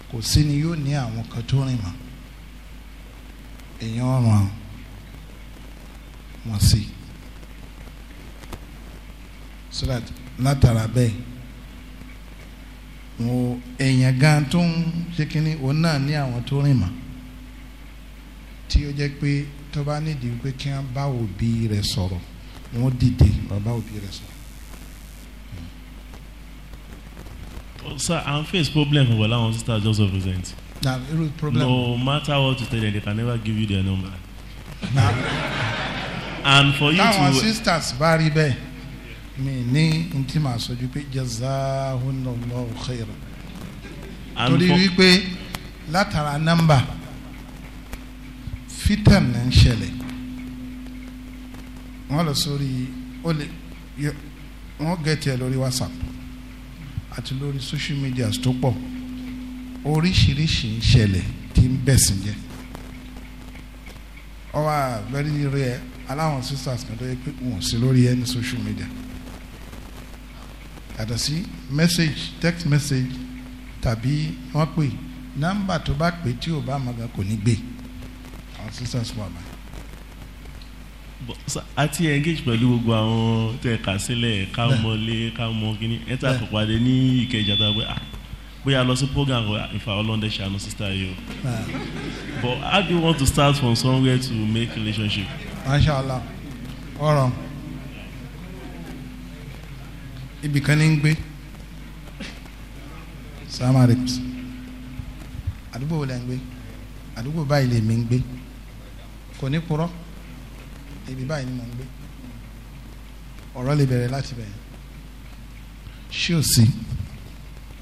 kò sí ni yóò ní àwọn kan tó rìn mọ́ èèyàn ọ̀ràn wọn sí so that látara bẹ́ẹ̀ wọn èèyàn gan tó ń ṣe kínní òun náà ní àwọn tó rìn mọ́ tí ó jẹ́ pé tó bá nídìí pé kí wọ́n bá òbí rẹ̀ sọ̀rọ̀ wọ́n dìde lọ bá òbí rẹ̀ sọ̀rọ̀. Oh, sir i'm face problem for wala one sister just represent. na irú problem. no matter what you tell them they can never give you their number. na and for you to. táwọn sisters bá rí bẹ́ẹ̀ mi ní ntí màá sọjú pé jazahunallahu khairan. torí wípé látara number fitan ní ń ṣẹlẹ̀ wọ́n lọ sórí ó lè wọ́n gẹ̀tì ẹ̀ lórí whatsapp àti lórí social media tó pọ̀ oríṣiríṣi ń ṣẹlẹ̀ tí ń bẹ̀sìn jẹ́ ọ wà very rare aláwọn sisters kan tó yẹ pé wọn sí lórí ẹni social media yàtọ̀ sí message text message tàbí wọ́n pè nọ́mbà tó bá pè tí ò bá mọ̀ kò ní gbé sisters wà báyìí. àti engage pẹ̀lú gbogbo àwọn tẹ̀ ká sílẹ̀ ká mọ̀lé ká mọ̀ kínní ẹ̀ tà fọ̀ pàdé ní ìkẹjà tá a gbé bóyá lọ sí program ìfà ọlọ́dẹ ṣàánú sísá yìí o but how do you want to start from somewhere to make relationship. mashallah ọ̀rọ̀ Ibi kan ní ń gbé salaam aleykum àdúgbò wo lẹ́ ń gbé àdúgbò báyìí lèmi ń gbé kò ní purọ́ ibi báyìí ni mò ń gbé ọ̀rọ̀ lè bẹ̀rẹ̀ láti bẹ̀rẹ̀ ṣé ò sí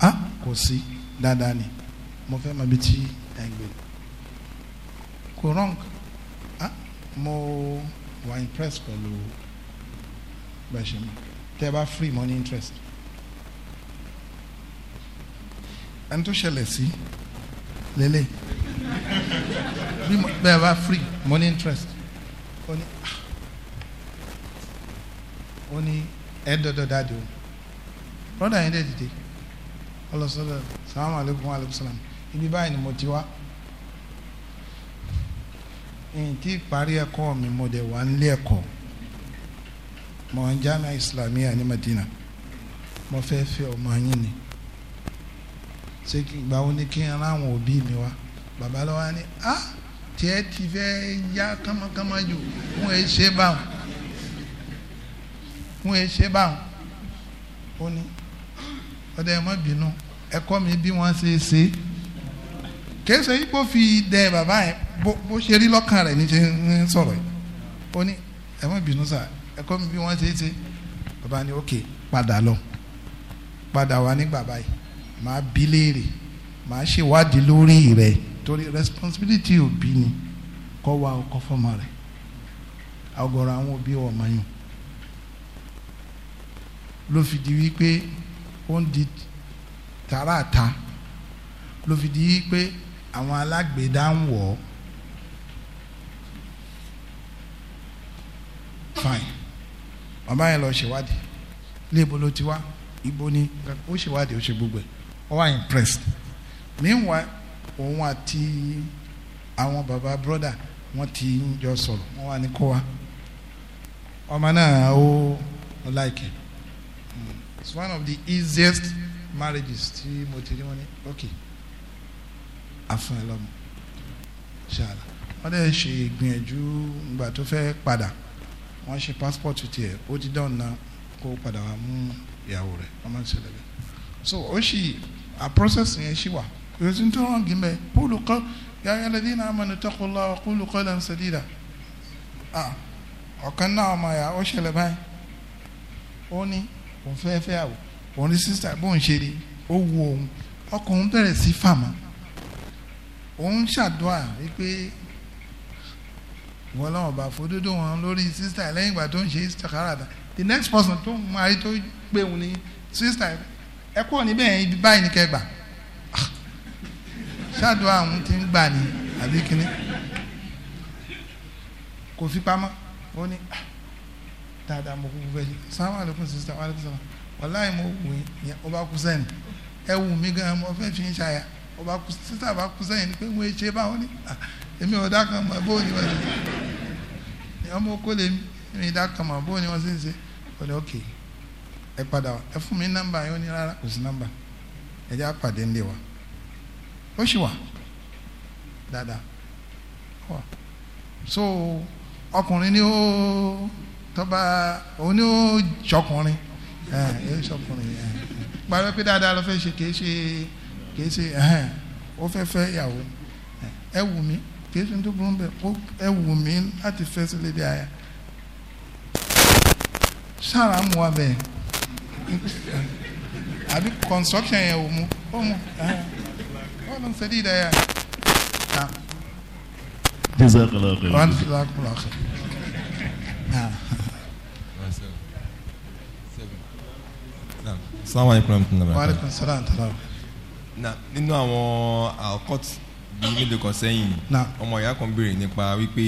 a kò sí dáadáa ni mo fẹ́ mọ ibi tí ẹ̀ ń gbé kò wrong a mo wà impressed pẹ̀lú bẹ́ẹ̀ ṣe mọ̀ tẹ́ bá free money interest ẹni tó ṣẹlẹ̀ sí lélẹ́yìí bí bẹ́ẹ̀ bá free Money interest ó ní ah. ó ní ẹ dọdọ dáadé o broda yẹn dẹ dìde ọlọsọlọ salamu aleykum wa aleykum salam ibi báyìí ni mo ti wá n ti parí ẹ̀kọ́ mi mo dẹ̀ wá nílé ẹ̀kọ́ mo ń jámẹ́ islamiyà ní Madina mo fẹ́ fẹ́ ọmọ yín ni ṣé ìgbà wo ni kí n ráwọn òbí mi wá bàbá lọ́wọ́ ni a ah, tiẹ̀ ti fẹ́ yá kámákámá jù wọ́n ẹ ṣe báwọn wọ́n ẹ ṣe báwọn ó ní ah, ọ̀dẹ̀ ẹ̀ má bínú ẹ̀kọ́ mi bí wọ́n ṣe ṣe kẹsàn yìí kò fi dẹ bàbá yẹn bó ṣe rí lọ́kàn rẹ̀ ní ṣe ń sọ̀rọ̀ yìí ó ní ẹ má bínú sà ẹ̀kọ́ mi bí wọ́n ṣe ṣe bàbá ni ókè padà lọ padà wá nígbà báyìí màá bí léèrè màá ṣèwádìí lórí rẹ̀ torí responsibility òbí ni kọ́ wa ọkọ fọmọ rẹ̀ ọ̀gọ̀rọ̀ àwọn òbí ọmọ yìí ló fi di wípé ó ń di tààràtà ló fi di wípé àwọn alágbèédá ń wọ̀ ọ́ fine bàbá yẹn lọ ṣèwádìí léèbó ló ti wá ibo ni ó ṣèwádìí ó ṣe gbogbo ẹ̀ ó wà impressed meanwhile òun àti àwọn baba broda wọ́n ti ń jọ sọ̀rọ̀ wọ́n wà ní kó wa ọmọ náà ó like it it's one of the easiest marriages tí mo ti rí wọn ní ok àfún ẹ lọ́mọ ṣáàlà wọ́n dẹ̀ ṣe ìgbìyànjú ìgbà tó fẹ́ padà wọ́n ṣe passport tiẹ̀ ó ti dán na kó padà wá mú ìyàwó rẹ̀ wọ́n máa ń ṣẹlẹ̀ bẹ́ẹ̀ so ó ṣì a process yẹn ṣì wà èsì tó rán gímẹ̀ púlù kọ́ yáyá lẹ́dí náà mọ̀ ní taqullah wa qulu qawlan sadida ah, ọ̀kan náà ọmọ àyà ó ṣẹlẹ̀ báyìí ó ní òun fẹ́ fẹ́ àwọ̀ òun ní sísá bóun ṣe rí ó wu òun ọkùnrin bẹ̀rẹ̀ sí fàmà òun ṣàdúrà wípé wọn lọ́wọ́ bá fòdodo wọn lórí sísá lẹ́yìn ìgbà tó ń ṣe istikhara the next person tó ń máa rí tó gbé òun ní sísá ẹ kúrò níbẹ̀ yẹn báyìí ní kẹgbàá ṣáàdùn àwọn tí ń gbà ní àbí kínní kò fi pamọ́ ó ní ah, dáadáa mo kúkú fẹ́ ṣe sáwọn àlékún sísá wà lẹ́kùn sọ̀rọ̀ wàláì mo wù yín ó bá kú sẹ́yìn ẹ wù mí gan mo fẹ́ fi ń ṣàyà ó bá kú sísá bá kú sẹ́yìn ni pé mo ṣe báwọn ní ah, èmi ò dákan mọ̀ bó ni wọ́n ṣe ni ọmọ okó lè mi dákan mọ̀ bó ni wọ́n ṣe ń ṣe ó ní òkè ẹ padà ẹ fún mi nọ́mbà yín ní rárá kò sí nọ́mbà ẹ jẹ́ àpàdé ńlẹ̀ wa o sì wà dáadáa wà so ọkùnrin ni ó tọ́ba òun ni ó sọkùnrin ẹ̀ ẹ̀ sọkùnrin ẹ̀ gbàgbé pé dáadáa ló fẹ́ ṣe kìí ṣe kìí ṣe o ó fẹ́ fẹ́ ìyàwó ẹ wù mí kìí ṣe tó burú bẹ́ẹ̀ ẹ wù mí láti fẹ́ sílé dé àyà sára mu wa bẹ́ẹ̀ àbí construction yẹn ò mú ó mú ẹ̀hẹ́n. قولا سديدا يعني نعم جزاك الله خير جزاك الله خير نعم السلام عليكم ورحمة الله وبركاته وعليكم السلام نعم nínú àwọn alcott bíi mélòó kan sẹ́yìn ọmọ ìyá kan béèrè nípa wípé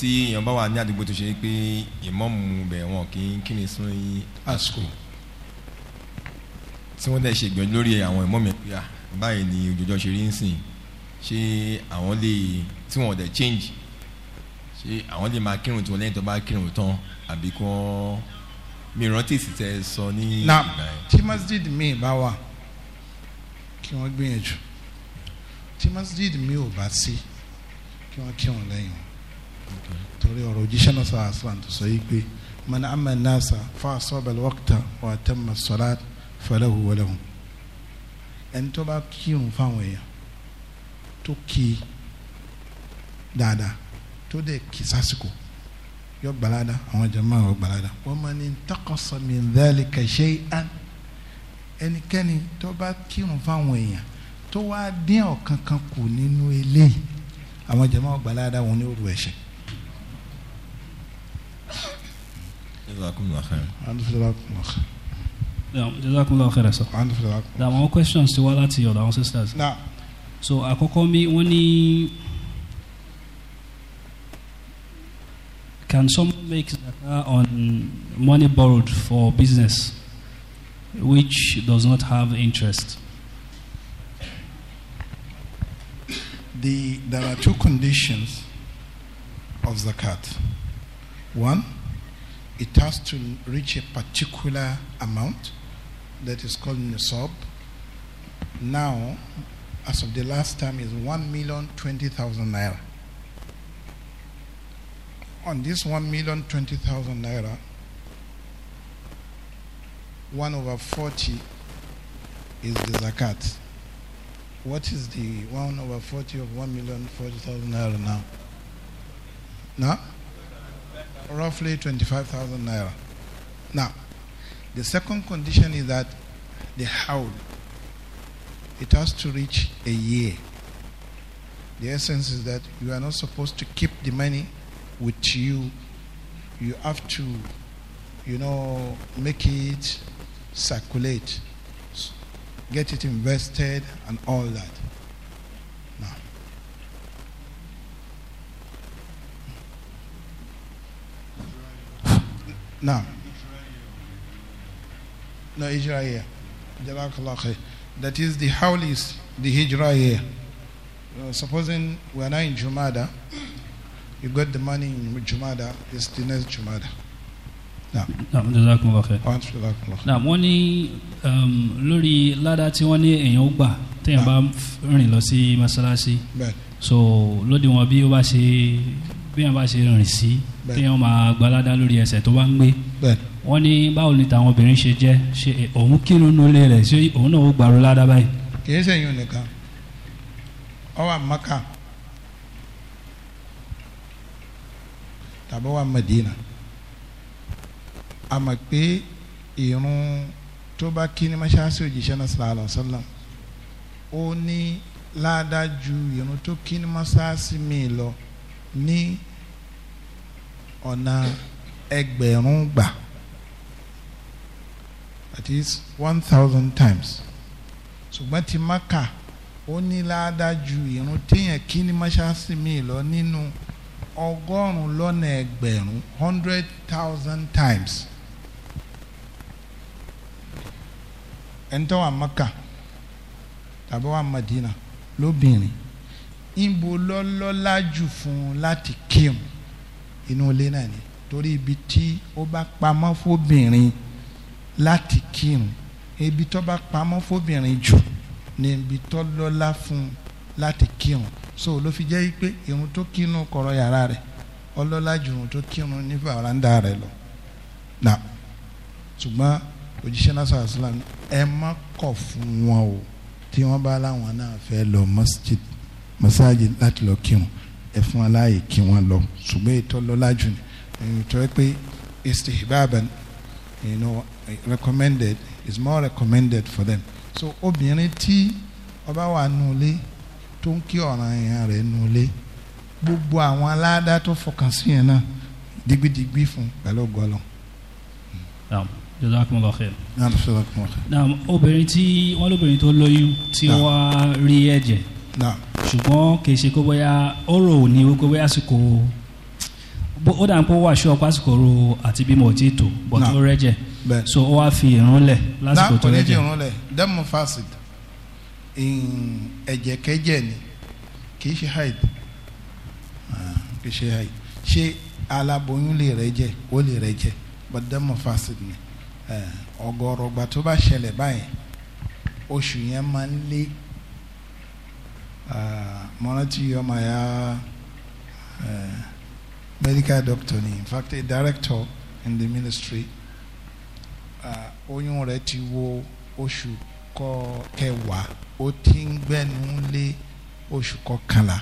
tí èèyàn bá wà ní àdúgbò tó ṣe pé ìmọ̀ọ́mù bẹ̀ wọn kì í kí ni sún àsìkò tí wọ́n dẹ̀ ṣe ìgbìyànjú lórí àwọn ìmọ̀ mi pé báyìí ni òjòjọ́ ṣe rí ń sìn ṣé àwọn lè tí wọ́n dẹ̀ change ṣé àwọn lè máa kírun tí wọ́n lẹ́yìn tó bá kírun tán àbí kọ́ mi rántí ìsìtẹ́ sọ ní ìgbà yẹn. tí masjid mi bá wà kí wọ́n gbìyànjú tí masjid mi ò bá sí kí wọ́n kírun lẹ́yìn torí ọ̀rọ̀ òjíṣẹ́ náà sọ àṣà tó sọ yìí pé man amma nasa fa asaba al-waqta wa atamma falahu walahum ẹni tó bá kírun fáwọn èèyàn tó kí dáadáa tó dẹ̀ kí sásìkò yọ gbalada àwọn jama yọ gbalada wọn máa ní takọsọ mi dálẹ kẹsẹ an ẹnikẹ́ni tó bá kírun fáwọn èèyàn tó wá dín ọ̀kan kan kù nínú eléyìí àwọn jama yọ gbalada wọn ní òru ẹ̀ṣẹ̀. jazakumullahu khairan. Yeah, Jazakumullah khairan, sir. There are more questions to what to your ancestors. Now. So, àkọ́kọ́ mi, wọ́n ní. Can someone make zakat on money borrowed for business which does not have interest? The, there are two conditions of zakat. One, it has to reach a particular amount that is called nisab. Now, as of the last time, is one million twenty thousand naira. On this one million twenty thousand naira, 1 over 40 is the zakat. What is the 1 over 40 of one million forty thousand naira now? Now? roughly 25,000 naira. Now, the second condition is that the howl, it has to reach a year. The essence is that you are not supposed to keep the money with you. You have to, you know, make it circulate, get it invested, and all that. Now, no hijrah year. Jazakallah khair. That is the how is the hijrah year. Uh, supposing we are now in Jumada, you got the money in Jumada, it's the next Jumada. naam jazakumullah khair. naam wọ́n ní um, lórí ládàá tí wọ́n ní èèyàn ó gbà téèyàn bá rìn lọ sí masalasi so lodi wọn bí si bí wọn bá ṣe rìn sí tí wọn máa gbalada lórí ẹsẹ̀ tó bá ń gbé wọn ní báwo ni tàwọn obìnrin ṣe jẹ́ ṣe òun kírun nílé rẹ̀ ṣé òun náà ó gbàrú ládàá báyìí. kì í ṣèyún nìkan ó wà tàbí ó wà Medina pé irun tó bá kí ní mọ́ṣáláṣí òjíṣẹ́ náà sallallahu alaihi ó ní ládàá ju irun tó kí ní mọ́ṣáláṣí mi lọ. ní ọ̀nà ẹgbẹ̀rún gbà that is one thousand times ṣùgbọ́n ti maka ó ní láàdá ju irun téèyàn kí mi lọ nínú ọgọ́rùn-ún lọ́nà ẹgbẹ̀rún hundred thousand times ẹ̀ńtọ́ wa maka tàbí wa madina lóbìnrin. ìbò lọ́lọ́lá jù fún un láti kírun inú ilé náà ni torí ibi tí ó bá pamọ́ fóbìnrin láti kírun ibi tó bá pamọ́ fóbìnrin jù ní ibi tó lọ́lá fún un láti kírun so ló fi jẹ́ pé irun tó kírun kọ̀rọ̀ yàrá rẹ̀ ọlọ́lá jù irun tó kírun ní fàràǹdà rẹ̀ lọ. Nah ṣùgbọ́n òjíṣẹ́ náà islam ẹ má kọ̀ fún wọn o tí wọ́n bá láwọn náà fẹ́ lọ masjid masajid láti lọ kírun ẹ fún aláàyè kí wọ́n lọ ṣùgbọ́n ètò lọ́lá jù ní ìtọ́ pé istihbaban you know recommended is more recommended for them so obìnrin tí ọba wà nulẹ̀ tó ń kí ọ̀ràn èèyàn rẹ̀ nulẹ̀ gbogbo àwọn aládá tó fọkàn sí yẹn náà digbidigbi fún pẹ̀lú gọlọ. jazakumullahu khair. naam jazakumullahu khair. naam obìnrin tí wọ́n lóbìnrin tó lóyún tí wọ́n rí ẹ̀jẹ̀. naam ṣùgbọ́n kì í ṣe kó bóyá ọ̀rọ̀ ò ní wípé bóyá àsìkò ó dà ń pọ̀ wá aṣọ ọ̀pá àsìkò ro àti bímọ òtí tò bọ̀ tó rẹ́jẹ̀ so ó wá fi ìrun lẹ̀ lásìkò tó rẹ́jẹ̀. ìrun lẹ̀ dẹ́mu fásit ẹ̀jẹ̀kẹ́jẹ̀ ni kì í ṣe haid ah, kì í ṣe haid ṣé aláboyún lè rẹ́jẹ̀ ó lè rẹ́jẹ̀ but dẹ́mu fásit ni eh, ọgọ́rọ̀gbà tó bá ṣẹlẹ̀ báyìí oṣù yẹn máa ń lé Eh, mo rántí ọmọ eh, medical doctor in fact a director in the ministry eh, oyún rẹ̀ ti wo oṣù kẹwàá ó ti ń gbẹ́nu lé oṣù kọkànlá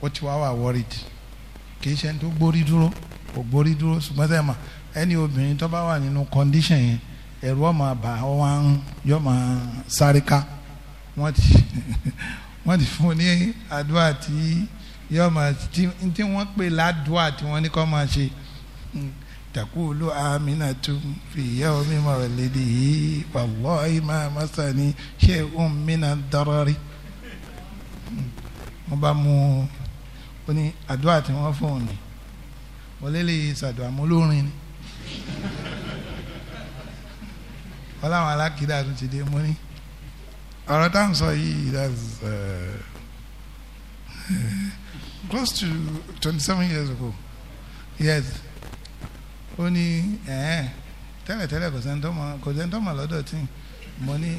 ó ti wá worried kì í ṣe ẹni tó gbórí dúró kò gbórí dúró ṣùgbọ́n sẹ́yìn mà ẹni obìnrin tó bá wà nínú condition yẹn ẹ̀rù ọmọ àbá wọn yọ máa sáré ká wọ́n ti [laughs] wọ́n ti fún ní àdúrà tí yọ máa tí tí wọ́n pè ládùúà tí wọ́n ní kọ́ máa ṣe takulu aminatu fi yawmi mawlidihi wallahi ma masani shay'un min ad-darari wọ́n bá mú ó ní àdúrà tí wọ́n fún òní wọ́n lélẹ̀ ìsàdùn àmúlórin ni wọn làwọn alákìdá tún ti dé mo ní ọ̀rọ̀ tá à ń sọ yìí that's uh, [sighs] close to twenty seven years ago yes ó ní ẹ̀ẹ́n tẹ́lẹ̀tẹ́lẹ̀ kò sẹ́ńtọ́mọ kò sẹ́ńtọ́mọ lọ́dọ̀ tí mo ní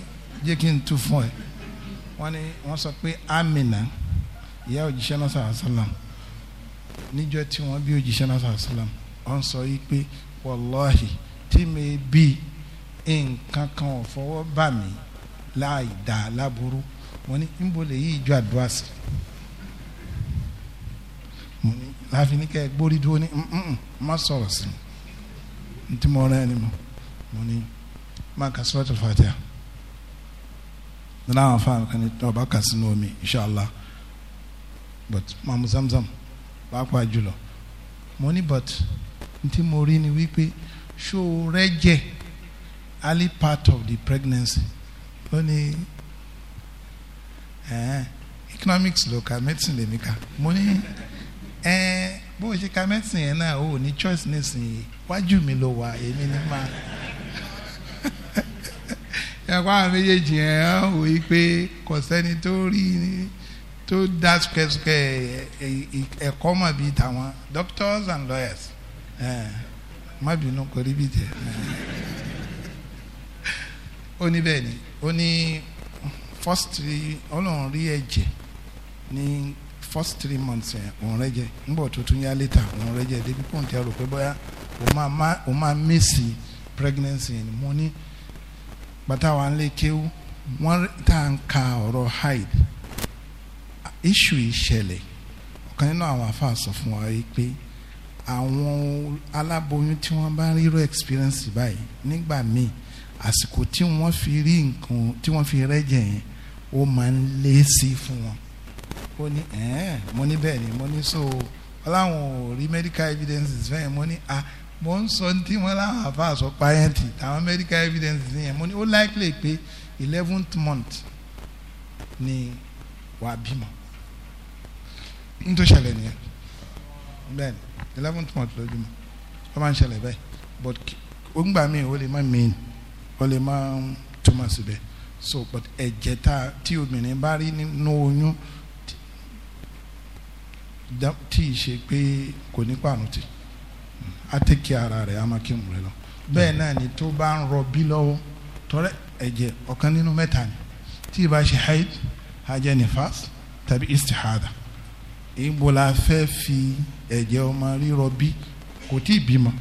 jẹ́ kí n tú fún ẹ wọ́n ní wọ́n sọ pé Amina ìyá òjíṣẹ́ náà sàrà sàlám níjọ́ tí wọ́n bí òjíṣẹ́ náà sàrà sàlám wọ́n sọ yìí pé wàláhì tí mi bí nǹkan kan ò fọwọ́ bà mí láì dá láburú mo ní níbo lè yí ìjọ àdúrà sí mo ní láfi ní kẹ́ ẹ gbórí dúró ní mm, mm, mm, má sọ̀rọ̀ sí mi tí mo rán ẹni mo mo ní má kà suratul Fatiha nínú àwọn afáàmì kan ní ọba kà sínú omi inshallah but máa mu zamzam pàápàá jùlọ mo ní but ní tí mo rí ni wípé ṣó rẹ́jẹ̀ early part of the pregnancy ó ní economics local medicine lèmi ka mo ní bó ṣe ka medicine yẹn náà o ní choice nísìnyí wájú mi ló wà èmi ní máa [laughs] ẹ̀kọ́ àwọn méjèèjì ẹ̀ ń wò yí pé kò sẹ́ni tó rí tó dá sukẹ́sukẹ́ ẹ̀kọ́ mọ̀ bíi tàwọn doctors and lawyers má bínú kò rí bíi tẹ̀ ó ní bẹ́ẹ̀ ni ó ní first three ọlọ́run rí ẹ̀jẹ̀ ní first three months ẹ̀ òun rẹ̀ jẹ́ nígbà tó tún yá later òun rẹ̀ jẹ́ débi pọ́ùn tí a rò pé bóyá o máa mísì pregnancy ni mo ní bàtà wà ń lé kéwú wọ́n tá à ń ka ọ̀rọ̀ hide issue ìṣẹ̀lẹ̀ ọ̀kan nínú àwọn afa sọ fún wa pé àwọn aláboyún tí wọ́n bá ń rírọ experience báyìí nígbà míì àsìkò tí wọ́n fi rí nǹkan tí wọ́n fi rẹ́jẹ̀ yẹn ó máa ń lé sí fún wọn ó ní ẹ̀ẹ́n mo ní bẹ́ẹ̀ ni mo ní so ọláwọn ò rí medical evidences fẹ́ẹ̀ mo ní a ah, mo ń sọ ní tí wọ́n láwọn àfa àsọ pààyàntì táwọn medical evidences yẹn mo ní ó likely pé eleventh month ni wà á bímọ n tó ṣẹlẹ̀ nìyẹn bẹ́ẹ̀ ni eleventh month lójúmọ́ ó máa ń ṣẹlẹ̀ bẹ́ẹ̀ but ó ń gbà mí ó lè má mí ni wọ́n lè máa ń túmọ̀ síbẹ̀ so but ẹ̀jẹ̀ ta tí obìnrin bá rí nínú oyún tí ì ṣe pé kò ní pààrùn tì á tẹ̀kí ara rẹ̀ á máa kí mú rẹ lọ bẹ́ẹ̀ náà ni tó bá ń rọbí lọ́wọ́ tọ́rẹ́ ẹ̀jẹ̀ ọ̀kan nínú mẹ́ta ni tí ì bá ṣe haid hajj nifas tàbí istihada ìbò la fẹ́ fi ẹ̀jẹ̀ ọmọ rírọ bí kò tí ì bímọ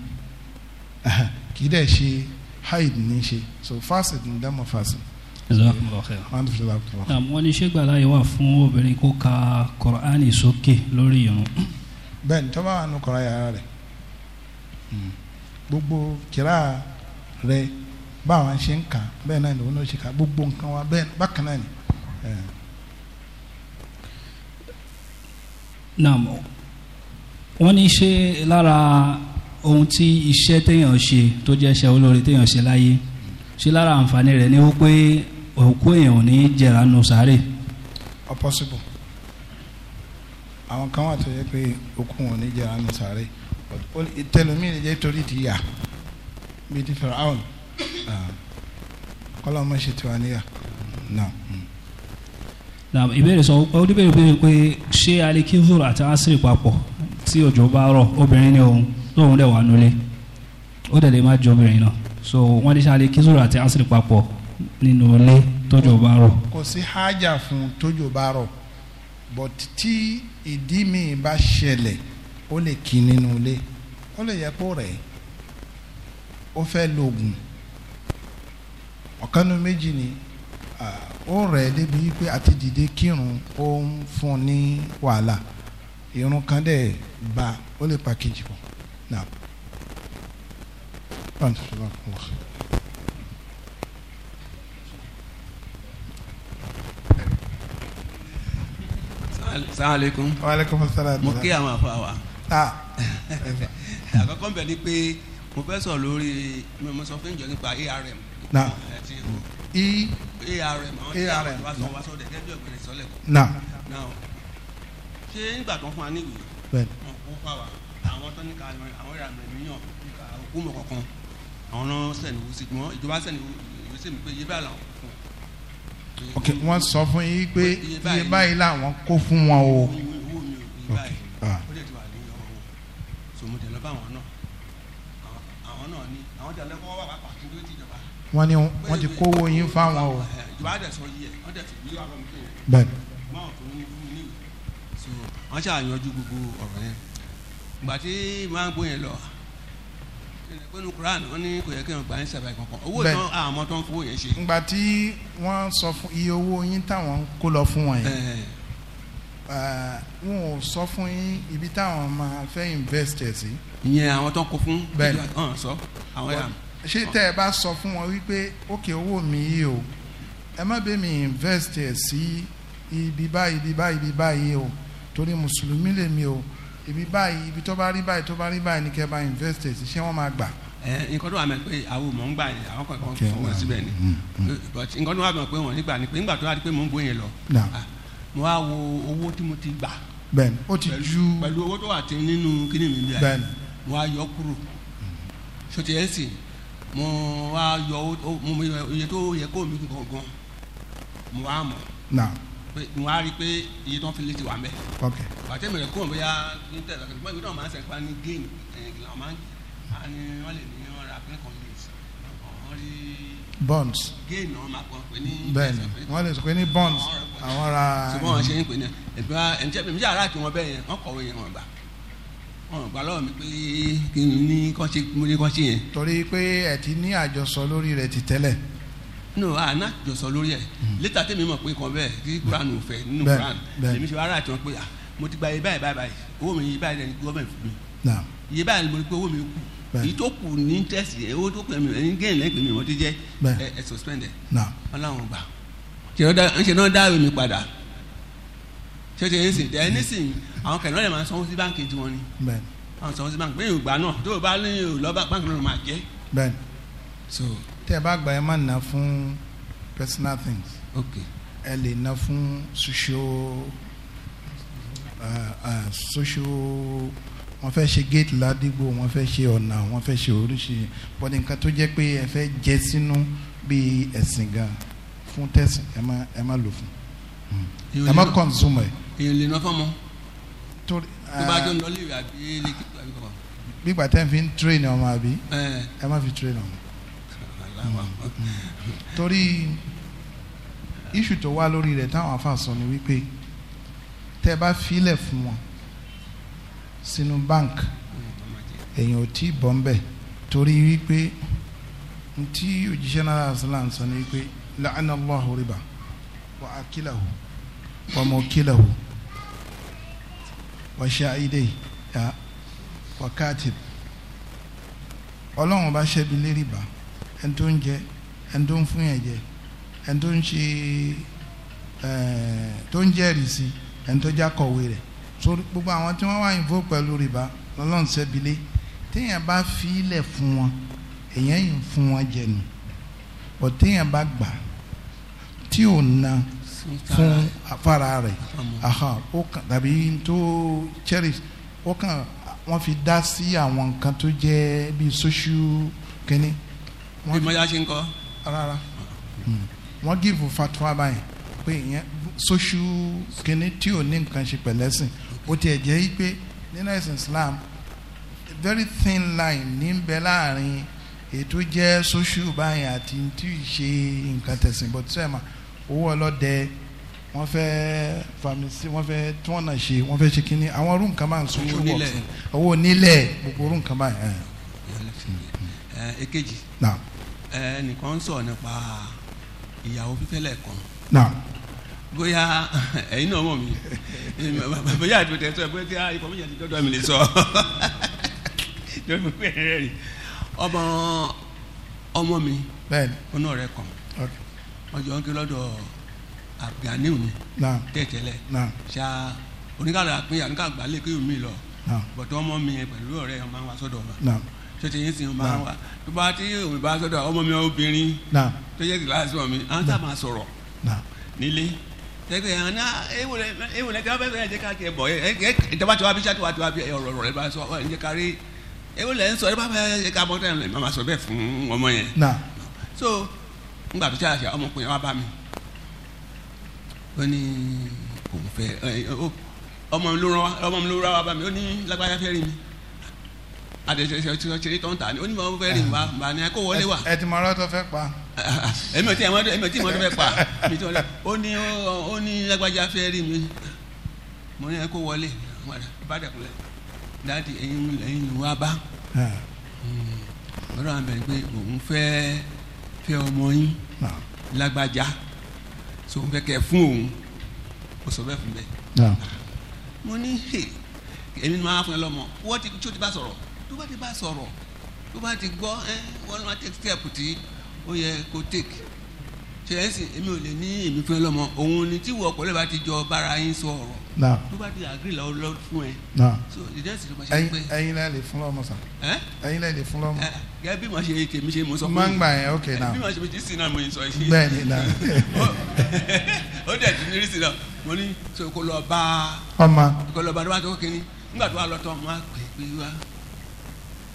kì í dẹ̀ ṣe haid ní ṣe so fasid ní dámọ̀ fasid. wọ́n ní ṣé gbàlá yìí wà fún obìnrin kó ka kọ́ránì sókè lórí irun. bẹ́ẹ̀ni tó bá wà nù kọ́ra yàrá rẹ̀ hmm. gbogbo kíra rẹ̀ báwọn ṣe ń kà bẹ́ẹ̀ náà ni òun náà ṣe kà gbogbo nǹkan wa bẹ́ẹ̀ bákan náà ni. Eh. naam wọ́n ní ṣe lára ohun tí iṣẹ́ téèyàn ṣe tó jẹ́ iṣẹ́ olóore téèyàn ṣe láyé ṣe lára àǹfààní rẹ̀ ni wípé òkú èèyàn ò ní jẹ̀rà nù sáré. impossible àwọn kan wà tó yẹ pé òkú wọn ò ní jẹ̀rà nù sáré tẹlomi lè jẹ́ torí ti yà bíi ah, ti fẹ̀rẹ̀ àwọn kọ́lá ọmọ ṣe tiwa náà. Hmm. na ìbéèrè sọ oníbèrè pé ṣé alẹ́ kí zoro àti asiri papọ̀ tí òjò bá rọ̀ obìnrin ni òun tóun dẹ̀ wà nulẹ̀ ó dẹ̀ lè má jọ obìnrin náà so wọ́n ní sáré kí zoro àti asiri papọ̀ nínú ilé tójò bá rọ̀. kò sí hájà fún tójò bá rọ̀ but tí ìdí mi bá ṣẹlẹ̀ ó lè kí nínú ilé ó lè yẹ kó rẹ̀ ó fẹ́ lògùn ọ̀kanu méjì ni ó rẹ̀ débi pé àti dìde kírun ó ń fún ní wàhálà irun kan dẹ̀ ba ó lè pa kejì pọ̀. نعم أنت جزاك الله خير Assalamu alaikum. Wa alaikum assalam. mo kí àwọn afa wa. [laughs] àkọ́kọ́ bẹ̀ ni pé mo fẹ́ sọ lórí mo sọ fún ìjọ nípa arm. na i arm àwọn tí àwọn ìwà wá sọ dẹ̀ gẹ́gẹ́ ọ̀gbìn ìsọ̀lẹ̀ kan. na ṣé nígbà tó ń fún wa níwèé wọ́n fún wa àwọn tó ní ká àwọn ìrànà míyàn òkú mọ̀ kọ̀ọ̀kan àwọn náà sẹ̀ni wù sí wọn ìjọba sẹ̀ni wù sí mi pé iye báyìí làwọn fún ok wọ́n sọ fún yín pé iye báyìí làwọn kó fún wọn o. ok ah sòmùtẹ̀ lọ́ba àwọn náà àwọn náà ní àwọn tẹ̀lé kọ́ wà pàpà kí ló ti jọba. wọ́n ní wọ́n ti kówó yín fáwọn o. ìjọba dẹ̀ sọ yìí ẹ̀ wọ́n dẹ̀ ti gbé wọ́n ṣàyànjú gbogbo ọ̀rọ̀ yẹn ìgbà tí máa ń bó yẹn lọ pẹ̀lú Quran wọn ní kò yẹ kí wọn gbà ń sàbẹ̀ kankan owó tán àmọ́ tán fowó yẹn ṣe. ìgbà tí wọ́n sọ fún iye owó yín táwọn kó lọ fún wọn yẹn wọn ò sọ fún yín ibi táwọn máa fẹ́ invest ẹ̀ sí. ìyẹn àwọn tán kó fún bẹ́ẹ̀ sọ àwọn yà. ṣé tẹ́ ẹ bá sọ fún wọn wípé ókè owó mi yìí o ẹ má bẹ́ẹ̀ mi invest ẹ̀ sí ibi báyìí ibi báyìí ibi báyìí o torí mùsùlùmí lèmi o èmi báyìí ibi tó bá rí báyìí tó bá rí báyìí ní kẹ́ bá investors ṣé wọ́n máa gbà. nǹkan tó wà mẹ́ pé àwọn mọ̀ ń gbà yẹn àwọn kan kan fún wọn síbẹ̀ ni mm, mm. but nǹkan tó wà mẹ́ pé wọ́n nígbà ni pé nígbà tó wà di pé mò ń gbóyè lọ mo wá wo owó tí mo ti gbà. bẹ́ẹ̀ni ó ti ju pẹ̀lú owó tó wà tí nínú kíní mi bíi bẹ́ẹ̀ni mo wá yọ kúrò sọtì ẹ̀ mo wá yọ iye tó yẹ kó mi gangan mo wá mọ̀ pé n wá rí i pé iye tó ń fi létí wà ń ok bàtẹ́ mi rẹ̀ kúrò bóyá ní tẹ̀lé ọ̀kẹ́ ìgbọ́n ìgbọ́n máa ń sẹ̀ pa ní géèmù ìgbìlá máa ń ní wọ́n lè ní wọ́n ra pé kan leaves wọ́n rí. bonds géèmù wọn máa pé ní. bẹ́ẹ̀ni wọ́n lè sọ pé ní bonds àwọn ra. ṣùgbọ́n wọn ṣe ń pè ní ẹ̀fọ́ ẹ̀ǹtẹ́ mi yàrá kí wọ́n bẹ́ẹ̀ yẹn wọ́n kọ̀wé yẹn wọ́n gbà wọ́n gbà mi pé kí n ní kọ́ ṣe yẹn. torí pé ẹ ti ní àjọsọ lórí rẹ̀ ti tẹ́lẹ̀ no a n'a jọsọ lórí ẹ létà tèmi mọ̀ pé kan bẹ́ẹ̀ kí hmm. quran ò fẹ́ nínú quran lèmi ṣe ara àti wọn pé à ah, mo ti gba iye báyìí báyìí báyìí owó mi iye báyìí lẹni gọ́ọ̀mẹ̀ntì fún mi iye báyìí ni mo rí pé owó mi kù èyí tó kù ní interest yẹ owó tó kù ẹ̀mí ẹ̀mí gẹ́yìn lẹ́gbẹ̀ẹ́ mi wọ́n ti jẹ́ ẹ̀ suspended ọlọ́run gbà ṣe náà dá ìwé mi padà ṣe ṣe é sìn tẹ́ ẹ nísìn àwọn kẹ̀lẹ́ rẹ̀ máa ń sanwó sí báńkì tiwọn ni àwọn sanwó sí báńkì bẹ́ẹ̀ ìgbà náà tó o bá lóyún o lọ́ báńkì náà máa jẹ́ so tẹ́ ẹ bá gbà ẹ má ná fún personal things okay ẹ lè ná fún social social wọ́n fẹ́ ṣe gate ládìgbò wọ́n fẹ́ ṣe ọ̀nà wọ́n fẹ́ ṣe oríṣi bọ́dé nǹkan tó jẹ́ pé ẹ fẹ́ jẹ sínú bíi ẹ̀sìn gan fún tẹ̀sìn ẹ má ẹ má lò fún ẹ má consume ẹ. èèyàn lè ná fọmọ tó bá jọ ń lọ lè rí àbí lè kí àbí kọ. gbígbà tẹ́ fi ń train ọmọ àbí ẹ má fi train ọmọ torí iṣu tó wá lórí rẹ̀ táwọn afa sọ ni wípé tẹ́ bá filẹ̀ fún wọn sínú bank èèyàn ò tí ì bọ́ ńbẹ̀ torí wípé ntí òjíṣẹ́ náà asalaam sọ ni wípé la'ana Allahu riba wa akilahu wa mokilahu wa sha'idei wa katib ọlọ́run bá ṣẹ́bi lérí bá ẹni tó ń jẹ ẹni tó ń fún yàn jẹ ẹni tó ń ṣe tó ń jẹ́rìí sí ẹni tó já kọ̀wé rẹ̀ sórí gbogbo àwọn tí wọ́n wá ìfó pẹ̀lú rìbá lọ́lọ́run sẹ́bilé téèyàn bá fi ilẹ̀ fún wọn èèyàn yìí fún wọn jẹnu ọ̀ téèyàn bá gbà tí ò na fún afárá rẹ̀ ó kàn tàbí tó cherish ó kàn wọ́n fi dá sí àwọn nǹkan tó jẹ́ bíi social kínní bí mọ́já ṣe ń kọ́. rárá wọ́n gíìfù fatuwa báyìí pé ìyẹn sóṣù kínní tí ò ní nǹkan ṣe pẹ̀lẹ́sìn bó tiẹ̀ jẹ́ pé nínú ẹ̀sìn Islam very thin line ní ń bẹ láàrin ètò jẹ́ sóṣù báyìí àti tí ì ṣe nǹkan tẹ̀sìn bó tiẹ̀ mà owó ọlọ́dẹ wọ́n fẹ́ famisi wọ́n fẹ́ tí wọ́n náà ṣe wọ́n fẹ́ ṣe kínní àwọn orú nǹkan máa ń sóṣù owó onílẹ̀ gbogbo orú nǹkan máa ń. èkejì. naam ẹnìkan ń sọ nípa ìyàwó fífẹ́lẹ̀ kan. náà bóyá ẹ̀yin náà mọ̀ mí bóyá àti òtẹ̀ sọ ẹ bóyá tí ikọ̀ méjì àti dọ́dọ̀ mi lè sọ lórí mi pé ẹ̀rẹ́ rè ọmọ ọmọ mi ọ̀nà rẹ̀ kàn ọjọ́ ń ké lọ́dọ̀ àgbàníw ni tẹ̀tẹ̀lẹ̀ ṣá oníkàlà pín àníkàgbà lè kéwìn mi lọ bọ̀tọ̀ ọmọ mi pẹ̀lú ọ̀rẹ́ ọmọ wa sọ́dọ̀ ọmọ tó yín sìn ó máa tó bá tí òun bá sọ́dọ̀ ọmọ mi obìnrin tó yẹ kíláàsì wọn mi à ń sábà sọ̀rọ̀ nílé tẹgbẹ yẹn ní ewu lẹ gbẹ bẹ jẹ ká bọ ẹ ẹ ìjọba tiwa bí sá tiwa tiwa bí ọ̀rọ̀ ọ̀rọ̀ rẹ bá sọ ọ ẹ jẹ ká ewu lẹ ń sọ ẹ bá fẹ ká bọ ẹ máa sọ bẹ́ẹ̀ fún ọmọ yẹn so ngbà tó ṣàṣà ọmọkùnrin wa bá mi ó ní òun fẹ́ ọmọ mi ló rán wa bá mi ó ní lágbájá fẹ́ rí mi àdèjọ tí wọ́n ti rí tọ́ń tà ní onímọ̀ ọ̀hún fẹ́ẹ́ rí ma ma ní wọlé wa. ẹ ọlọ́tọ̀ fẹ́ pa. èmi ò tí èmi ò tí mọ ọlọ́tọ̀ fẹ́ pa mi tí wọ́n lé ó ní ó ní lágbájá fẹ́ rí mi mo ní kó wọlé bá dẹ̀kulẹ̀ dáàdi ẹ̀yin ẹ̀yin wa bá lọ́dọ̀ àmì pé òun fẹ́ fẹ́ ọmọ yín lágbájá so òun fẹ́ kẹ́ fún òun ó sọ bẹ́ẹ̀ fún bẹ́ẹ̀ mo ní èmi ni tó bá ti bá sọ̀rọ̀ tó bá ti gbọ́ ẹ wọ́n máa take step tí ó yẹ kó take ṣe é sìn èmi ò lè ní èmi fún ẹ lọ́mọ òun ni tí wọ́n ọ̀pọ̀lọpọ̀ bá ti jọ bára yín sọ ọ̀rọ̀ tó bá ti agree lọ lọ fún ẹ. so ìdẹ́sì ló máa ṣe pé. ẹ̀yin lẹ lè fún lọ́mọ sàn. ẹ̀yin lẹ lè fún lọ́mọ. gẹ́gẹ́ bí mo ṣe tèmi ṣe mo sọ fún mi. máa ń gbà yẹn now. bí mo ṣe ti sìn náà mo sọ yìí. bẹ́ẹ̀ni na. [laughs] [laughs] ó dẹ̀ ti nírí náà mo ní so kó lọ bá. ọmọ kó lọ bá ló bá tó kékeré nígbà tó wà lọ́tọ̀ wọn á pè pé wá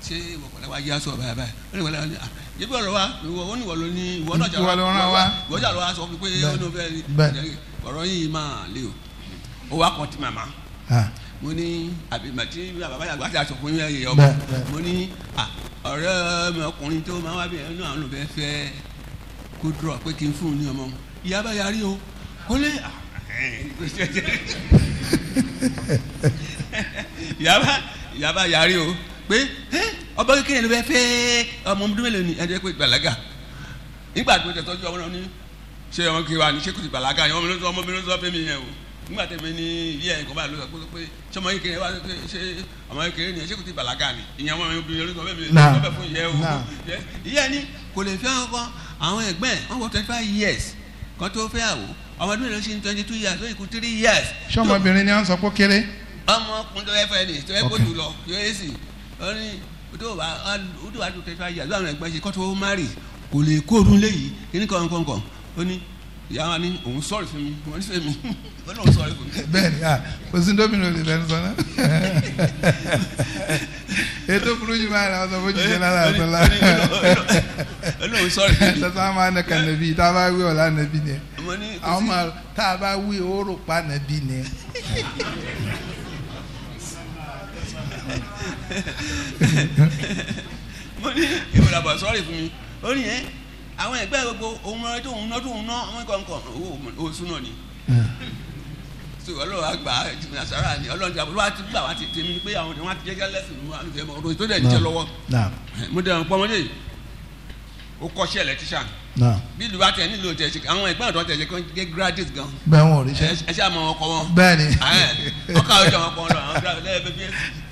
ṣé ìwọ pẹ̀lú wa yá sọ báyà báyà ó ní wọlé wọlé ah yẹbi ọ̀rọ̀ wa ìwọ ó ní wọlé ní ìwọ náà jà wá ìwọ jà lọ wa sọ pé ó ní o fẹ́ rí ọ̀rọ̀ yìí máa lé o ó wá kàn tí màmá mo ní àbímọ̀tí bàbá yàgbá ti aṣọ fún yẹn ọmọ mo ní ọ̀rẹ́ ọmọkùnrin tó máa wá bí ẹnu àwọn olùbẹ́ fẹ́ kó dúró pé kí n fún un ní ọmọ ìyá bá yarí o ó lé [laughs] ìyá bá yarí o pé ọba kékeré ni wọ́n fẹ́ ọmọ ọdún mélòó ni ẹni pé gbàlágà nígbà tó tẹ̀ tọ́jú ọmọ ní ṣé ọmọ kí wa ní ṣé kò ti gbàlágà ọmọ mi ló sọ ọmọ mi ló sọ fẹ́mi yẹn o nígbà tẹ̀ mi ní ilé ẹ̀ nǹkan ló sọ pé ṣé ọmọ kékeré wa ṣé ọmọ kékeré ni ṣé kò ti gbàlágà ni ìyẹn ọmọ mi ló sọ fẹ́mi ló sọ fẹ́ fún ìyẹn o ìyẹn ni kò lè fẹ́ ọmọ ọdún mélòó ṣe ń twenty two years lóyún kú three years. ṣé ọmọbìnrin ni à ń sọ pé kéré. ọmọ ọkùnrin tó ẹ fẹ́ ni tó ẹ kó lọ yóò yé sí i ó ní tó bá ó tó bá tó tẹsán ayé àbí àwọn ẹgbẹ́ ṣe kọ́tọ́ mari kò lè kóorun léyìí kíní kan kan kan ó ní ìyá wa ní òun sọ̀rọ̀ fún mi wọ́n ṣe mi [laughs] wọ́n lòun sọ̀rọ̀ fún mi. bẹ́ẹ̀ni a kò sí domino lè lẹnu sọnà [laughs] ètò burúkú máa ń sọ fún jíjẹ lára àtọlá. olóhùn sọ̀rọ̀ fún mi. sọ́sọ́ máa nà kan tá a bá wí ọ̀la nàbí ni àwọn máa tá a bá wí òórùpa nàbí ni. [laughs] mo ní ìmọ̀lẹ́bọ̀ sọ́ọ̀rì fún mi ó ní ẹ́ àwọn ẹgbẹ́ gbogbo ohun ọ̀rẹ́ tó ń ná tó ń ná àwọn kọ̀ọ̀kan owó sunu ni so ọlọ́run àgbà nasara ni ọlọ́run ti àbúrò wa ti gbà wá ti tèmi pé àwọn ti wọ́n ti jẹ́jẹ́ lẹ́sìn mú àwọn ìfẹ́ ọdún tó dẹ̀ jẹ́ lọ́wọ́ mo dẹ̀ ń pọ́n mọ́lẹ́ o kọ́ṣẹ́ lẹ tíṣà bí ìlú wa tẹ̀ nílò tẹ̀ ṣe àwọn ẹgbẹ́ ọ̀dọ́ tẹ̀ ṣe kán gé graduate gan. bẹ́ẹ̀ wọn rí ṣe ẹ ṣe àmọ́ wọn wọn. bẹ́ẹ̀ ni ọkà ọjọ́ wọn wọn lọ àwọn graduate lẹ́yìn bẹ́ẹ̀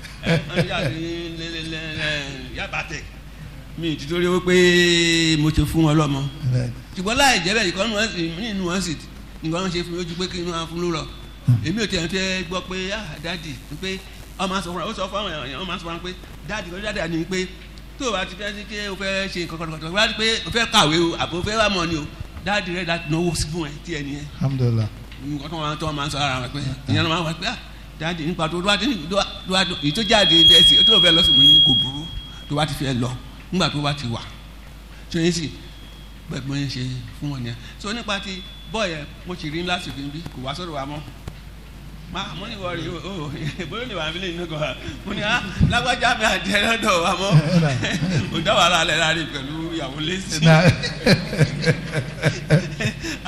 yaba tech mi ti torí wípé mo ti fún wọn lọ́mọ ṣùgbọ́n láì jẹ́ bẹ́ẹ̀ ìkọ́nù wọn sì nínú wọn sì nǹkan wọn ṣe fún mi ojú pé kí n máa fún ló lọ èmi ò tiẹ̀ fẹ́ gbọ́ pé ah dadi pé ọmọ sọ fún wa ó sọ fún àwọn èèyàn ọmọ sọ fún wa pé dadi kọ́ni dadi àní pé tó o bá ti fẹ́ ṣe o fẹ́ ṣe nǹkan kan kọ̀tọ̀ wá pé o fẹ́ kàwé o àbò o fẹ́ wà mọ́ ni o dadi rẹ̀ náwó sí fún ẹ tiẹ̀ nìyẹn. alhamdulilah. nǹkan tó wọn tó wọn máa ń sọ ara wọn pé ìyẹn ló máa ń wá pé ah jáde nípa tó èyí tó jáde bẹ́ẹ̀ sí tó fẹ́ lọ sí mi kò burú tó bá ti fẹ́ lọ nígbà tó bá ti wà tó yẹn sì gbẹgbẹ yẹn ṣe fún wọn yẹn so nípa ti bọ́ yẹn mo sì rí láti fi bí kò wá sọ́dọ̀ wa mọ́ ma mo ní wọ́ọ̀rì o bóyá ní wàá fílẹ̀ inú kan wa mo ní ah, lágbájá mi àti ẹ̀rọ dọ̀ wa mọ́ o dá wàhálà alẹ́ rárẹ̀ pẹ̀lú ìyàwó lẹ́sìn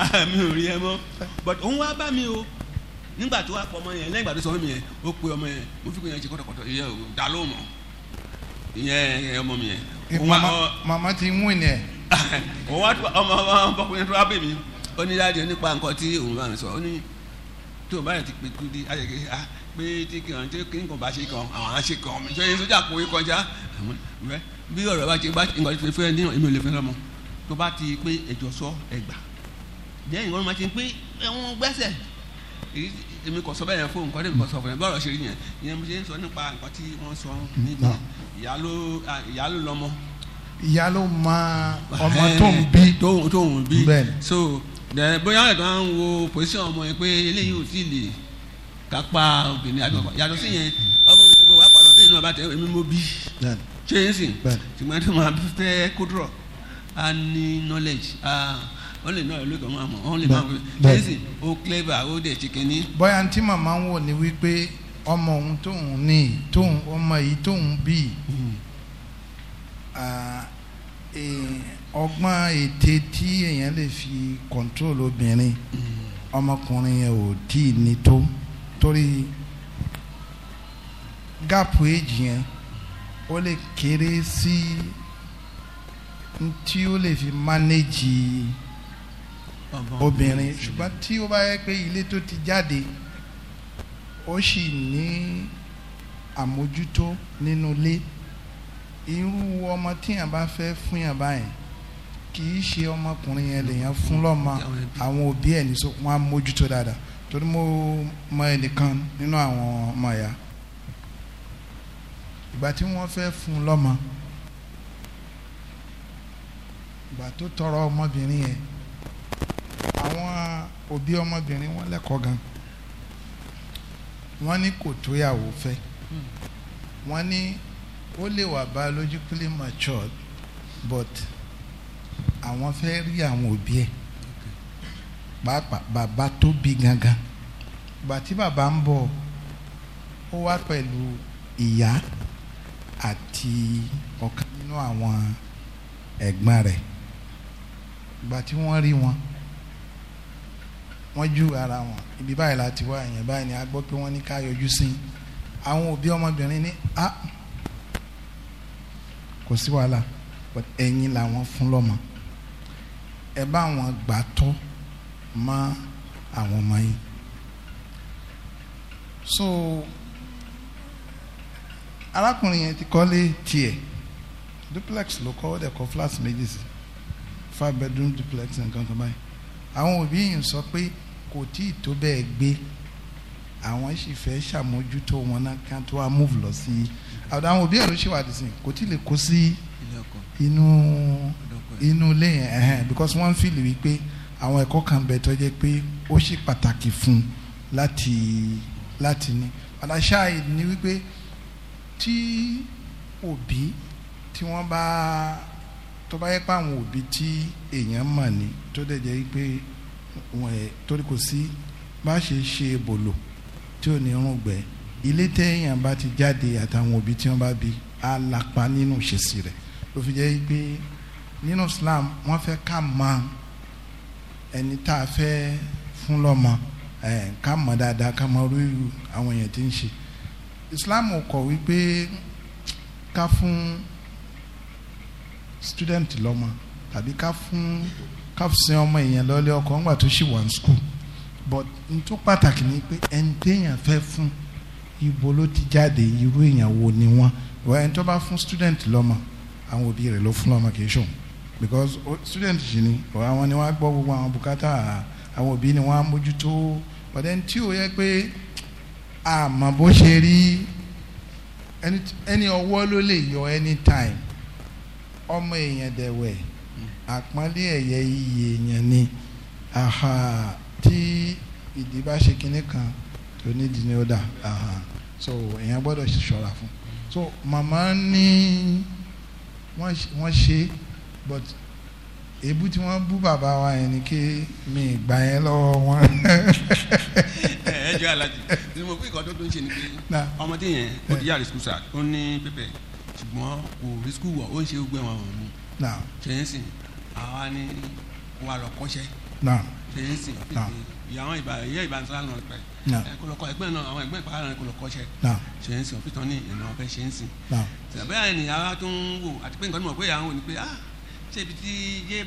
àmì [laughs] ah, ò rí ẹ mọ́ but òun wá bá mi o nígbà tó wá pọ̀ ọmọ yẹn lẹ́yìn ìgbà tó sọ fún mi yẹn ó pe ọmọ yẹn mo fi kó yẹn ṣe kọ́tọ̀kọ́tọ̀ ìyẹn ò dá ló mọ̀ ìyẹn ọmọ mi yẹn. màmá ti mú ìnìyẹn. òun wá ọmọ ọmọkùnrin tó wá bẹ̀ mí ó ní láti nípa nǹkan tí òun bá mi sọ ó ní tó o bá yẹn ti pe kú di ayẹyẹ a pé tí kì í kí nǹkan bá ṣe kan àwọn àṣe kan mi ṣe sójà kò wí kọjá bí ọ̀rọ̀ bá ṣe bá nǹkan tó fẹ́ ní èmi ò lọ́mọ tó bá ti pé ẹjọ́ sọ ẹgbà lẹ́yìn wọn máa ti pé ẹ̀wọ̀n gbẹ́sẹ̀ èmi kò sọ bẹ́ẹ̀ yẹn fóun kọ́ débi kò sọ fún yẹn bọ́ọ̀rọ̀ ṣe rí yẹn ìyẹn mo ṣe ń sọ nípa nǹkan tí wọ́n sọ níbi ìyá ló lọ́mọ. ìyá ló [laughs] ọmọ tó ń bí. tó ń bí so bóyá ẹ̀dọ́ à ń wo pòsíṣàn ọmọ yẹn pé eléyìí ò tí ì lè kápá obìnrin àbí ọkọ yàtọ̀ sí yẹn ọmọ mi gbọ́ wá pàdé bí inú ọba tẹ èmi mo bí ṣé ń sìn ṣùgbọ́n tí mo fẹ́ kó dúró ní knowledge. Only lè náà ló kàn máa mọ̀ ó lè máa wọ clever ó oh, dẹ̀ chicken ní. bóyá tí màmá ń wò ní wípé ọmọ òun tóun ní tóun ọmọ yìí tóun bí hmm. ọgbọ́n ète tí èèyàn lè fi control obìnrin hmm. ọmọkùnrin yẹn ò tí ì ní tó torí gáàpù èjì yẹn ó lè kéré sí tí ó lè fi manage obìnrin ṣùgbọ́n tí ó bá yẹ pé ilé tó ti jáde ó sì ní àmójútó nínú ilé irú ọmọ tíyàn bá fẹ́ fún yàn báyìí kì í ṣe ọmọkùnrin yẹn lèyàn fún lọ́mọ àwọn òbí ẹ̀ ní sọkún á mójútó dáadáa torí mo mọ ẹnìkan nínú àwọn ọmọ ẹ̀yà ìgbà tí wọ́n fẹ́ fún lọ́mọ ìgbà tó tọrọ ọmọbìnrin yẹn òbí ọmọbìnrin wọn lẹ́kọ̀ọ́ gan wọ́n ní kò tóyàwó fẹ́ wọ́n ní ó lè wà biologically matured but àwọn fẹ́ rí àwọn òbí ẹ̀ pàápàá bàbá tó bí gangan ìgbà tí bàbá ń bọ̀ ó wá pẹ̀lú ìyá àti ọ̀kan nínú àwọn ẹ̀gbọ́n rẹ̀ ìgbà tí rí wọn wọ́n ju ara wọn ibi báyìí láti wá èèyàn báyìí ni a gbọ́ pé wọ́n ní ká yọjú sí i àwọn òbí ọmọbìnrin ní a kò sí wàhálà ẹ̀yin làwọn fún lọ́mọ ẹ bá wọn gbà tọ́ mọ́ àwọn ọmọ yìí so arákùnrin yẹn ti kọ́lé tiẹ̀ duplex ló kọ́ ó dẹ̀ kọ́ flat méjì sí five bedroom duplex nǹkan kan báyìí àwọn òbí yìí sọ pé kò tí ì tó bẹ́ẹ̀ gbé àwọn sì fẹ́ ṣàmójútó wọn náà kí wọ́n tó wá move lọ sí i àwọn òbí ẹ̀ ló ṣe kò tí ì lè kó sí inú inú ilé yẹn because wọ́n feel wípé àwọn ẹ̀kọ́ kan bẹ̀ tó jẹ́ pé ó ṣe pàtàkì fún un láti láti ní aláṣà ni wípé tí òbí tí wọ́n bá tó bá yẹ pé àwọn òbí tí èèyàn mọ̀ ni tó dẹ̀ jẹ́ pé wọ́n ẹ̀ torí kò sí bá ṣe ṣe bòlò tí ò ní rún gbẹ ilé téèyàn bá ti jáde àtàwọn òbí tí wọ́n bá bí á nínú ìṣesí rẹ̀ ló fi jẹ́ pé nínú Islam wọ́n fẹ́ ká mọ̀ ẹni tá a fẹ́ fún lọ́mọ ẹ̀ ká mọ̀ dáadáa ká mọ̀ orí àwọn èèyàn tí ń ṣe Islam kọ̀ wípé ká fún student lọ́mọ tàbí ká fún ká sin ọmọ èèyàn lọ́lé ọkọ ńgbà tó ṣì wà ní school but n tó pàtàkì ni pé ẹni téèyàn fẹ́ fún ibo ló ti jáde irú èèyàn wo ni wọ́n wọ́n ẹni tó bá fún student lọ́mọ àwọn òbí rẹ̀ ló fún lọ́mọ kì í ṣòun because student ṣì ni àwọn ni wọ́n á gbọ́ gbogbo àwọn bùkátà àwọn òbí ni wọ́n mójútó but ẹni tí ò yẹ pé àmọ́ bó ṣe rí ẹni ọwọ́ ló lè yọ anytime ọmọ èèyàn dẹ̀wẹ̀ àpọ́nlé ẹ̀yẹ iye èèyàn ni tí ìdí bá ṣe kinní kan tó nídìí ni ó dà so èèyàn gbọ́dọ̀ ṣọ́ra fún so màmá ní wọ́n ṣe but èébú tí wọ́n bú bàbá wa yẹn ni kí mi gbà yẹn lọ́wọ́ wọn. ẹ ẹ jọ alájí mo pé ìkọ́ tó yẹn ó di yàrá ìsúkúsà ó ní pépè ṣùgbọ́n kò rí skul wọ̀ ó ń ṣe gbogbo ẹ̀wọ̀n àwọn mi. ṣèyí àwa ni wà lọ kọ́ṣẹ́. ṣèyí ìyàwó ìbàdàn ìyá ìbàdàn sọ́lá lọ pẹ̀ ẹ̀kọ́lọ́kọ́ ẹgbẹ́ náà àwọn ẹgbẹ́ ìpàdé náà ẹ̀kọ́lọ́kọ́ ṣẹ ṣèyí sìn òfin ní ìlànà ọ̀fẹ́ ṣèyí sìn. sàbẹ́yà ènìyàn wa tó ń wò àti pé nǹkan mọ̀ pé ìyàwó ni pé ah ṣé ibi tí yé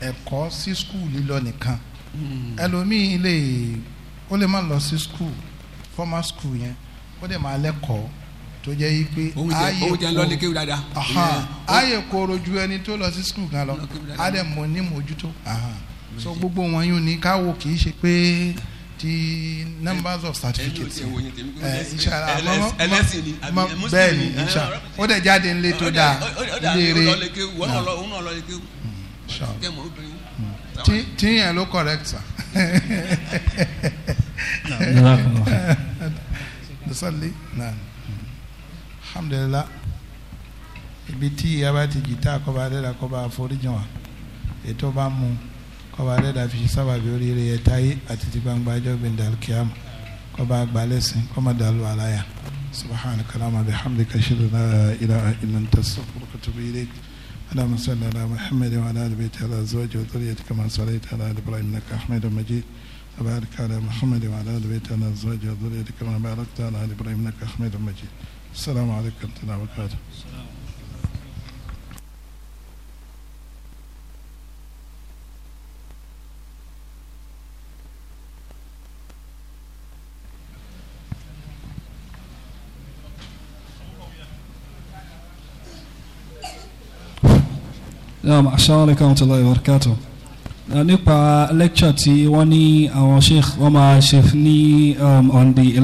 ẹ̀kọ́ sí skul lílọ nìkan hmm. ẹlòmíì lè ó lè má lọ sí skul formal skul yẹn ó lè má lẹ́kọ̀ọ́ tó jẹ́ yí pé ààyè kóró ju ẹni tó lọ sí skul kan lọ àdèmọ ní mójútó so gbogbo wọn yóò ní káwọ kì í ṣe pé ti numbers of certificates ẹ ìṣara àmọ́ bẹ́ẹ̀ ni ìṣara ó dẹ̀ jáde ńlẹ̀ tó dáa ńlẹ̀ rẹ̀ tí yẹn ló correct sa. [laughs] nusali [laughs] naam alhamdulilah ibi tí yaba ti jìtá kọba adéda kọba àforíjì wa ètò bá mu kọba adéda fi sábàbí oríire yẹ táyé àti ti gbangba ẹjọ́ gbẹndàlkíyàmù kọba agbalẹsìn kọmọ dàlú àlàyà subahana kalama bihamdika shidu la ilaha illa anta astaghfiruka wa atubu ilayk. اللهم صل على محمد وعلى ال بيته وعلى ازواجه وذريته كما صليت على ال ابراهيم انك حميد مجيد وبارك على محمد وعلى ال بيته وعلى ازواجه وذريته كما باركت على ال ابراهيم انك حميد مجيد السلام عليكم ورحمه الله وبركاته assalamu alaikum warahmatullahi wabarakatuh uh, nípa lecture tí wọ́n ní àwọn sheikh wọ́n máa ṣe ní um, on the eleven.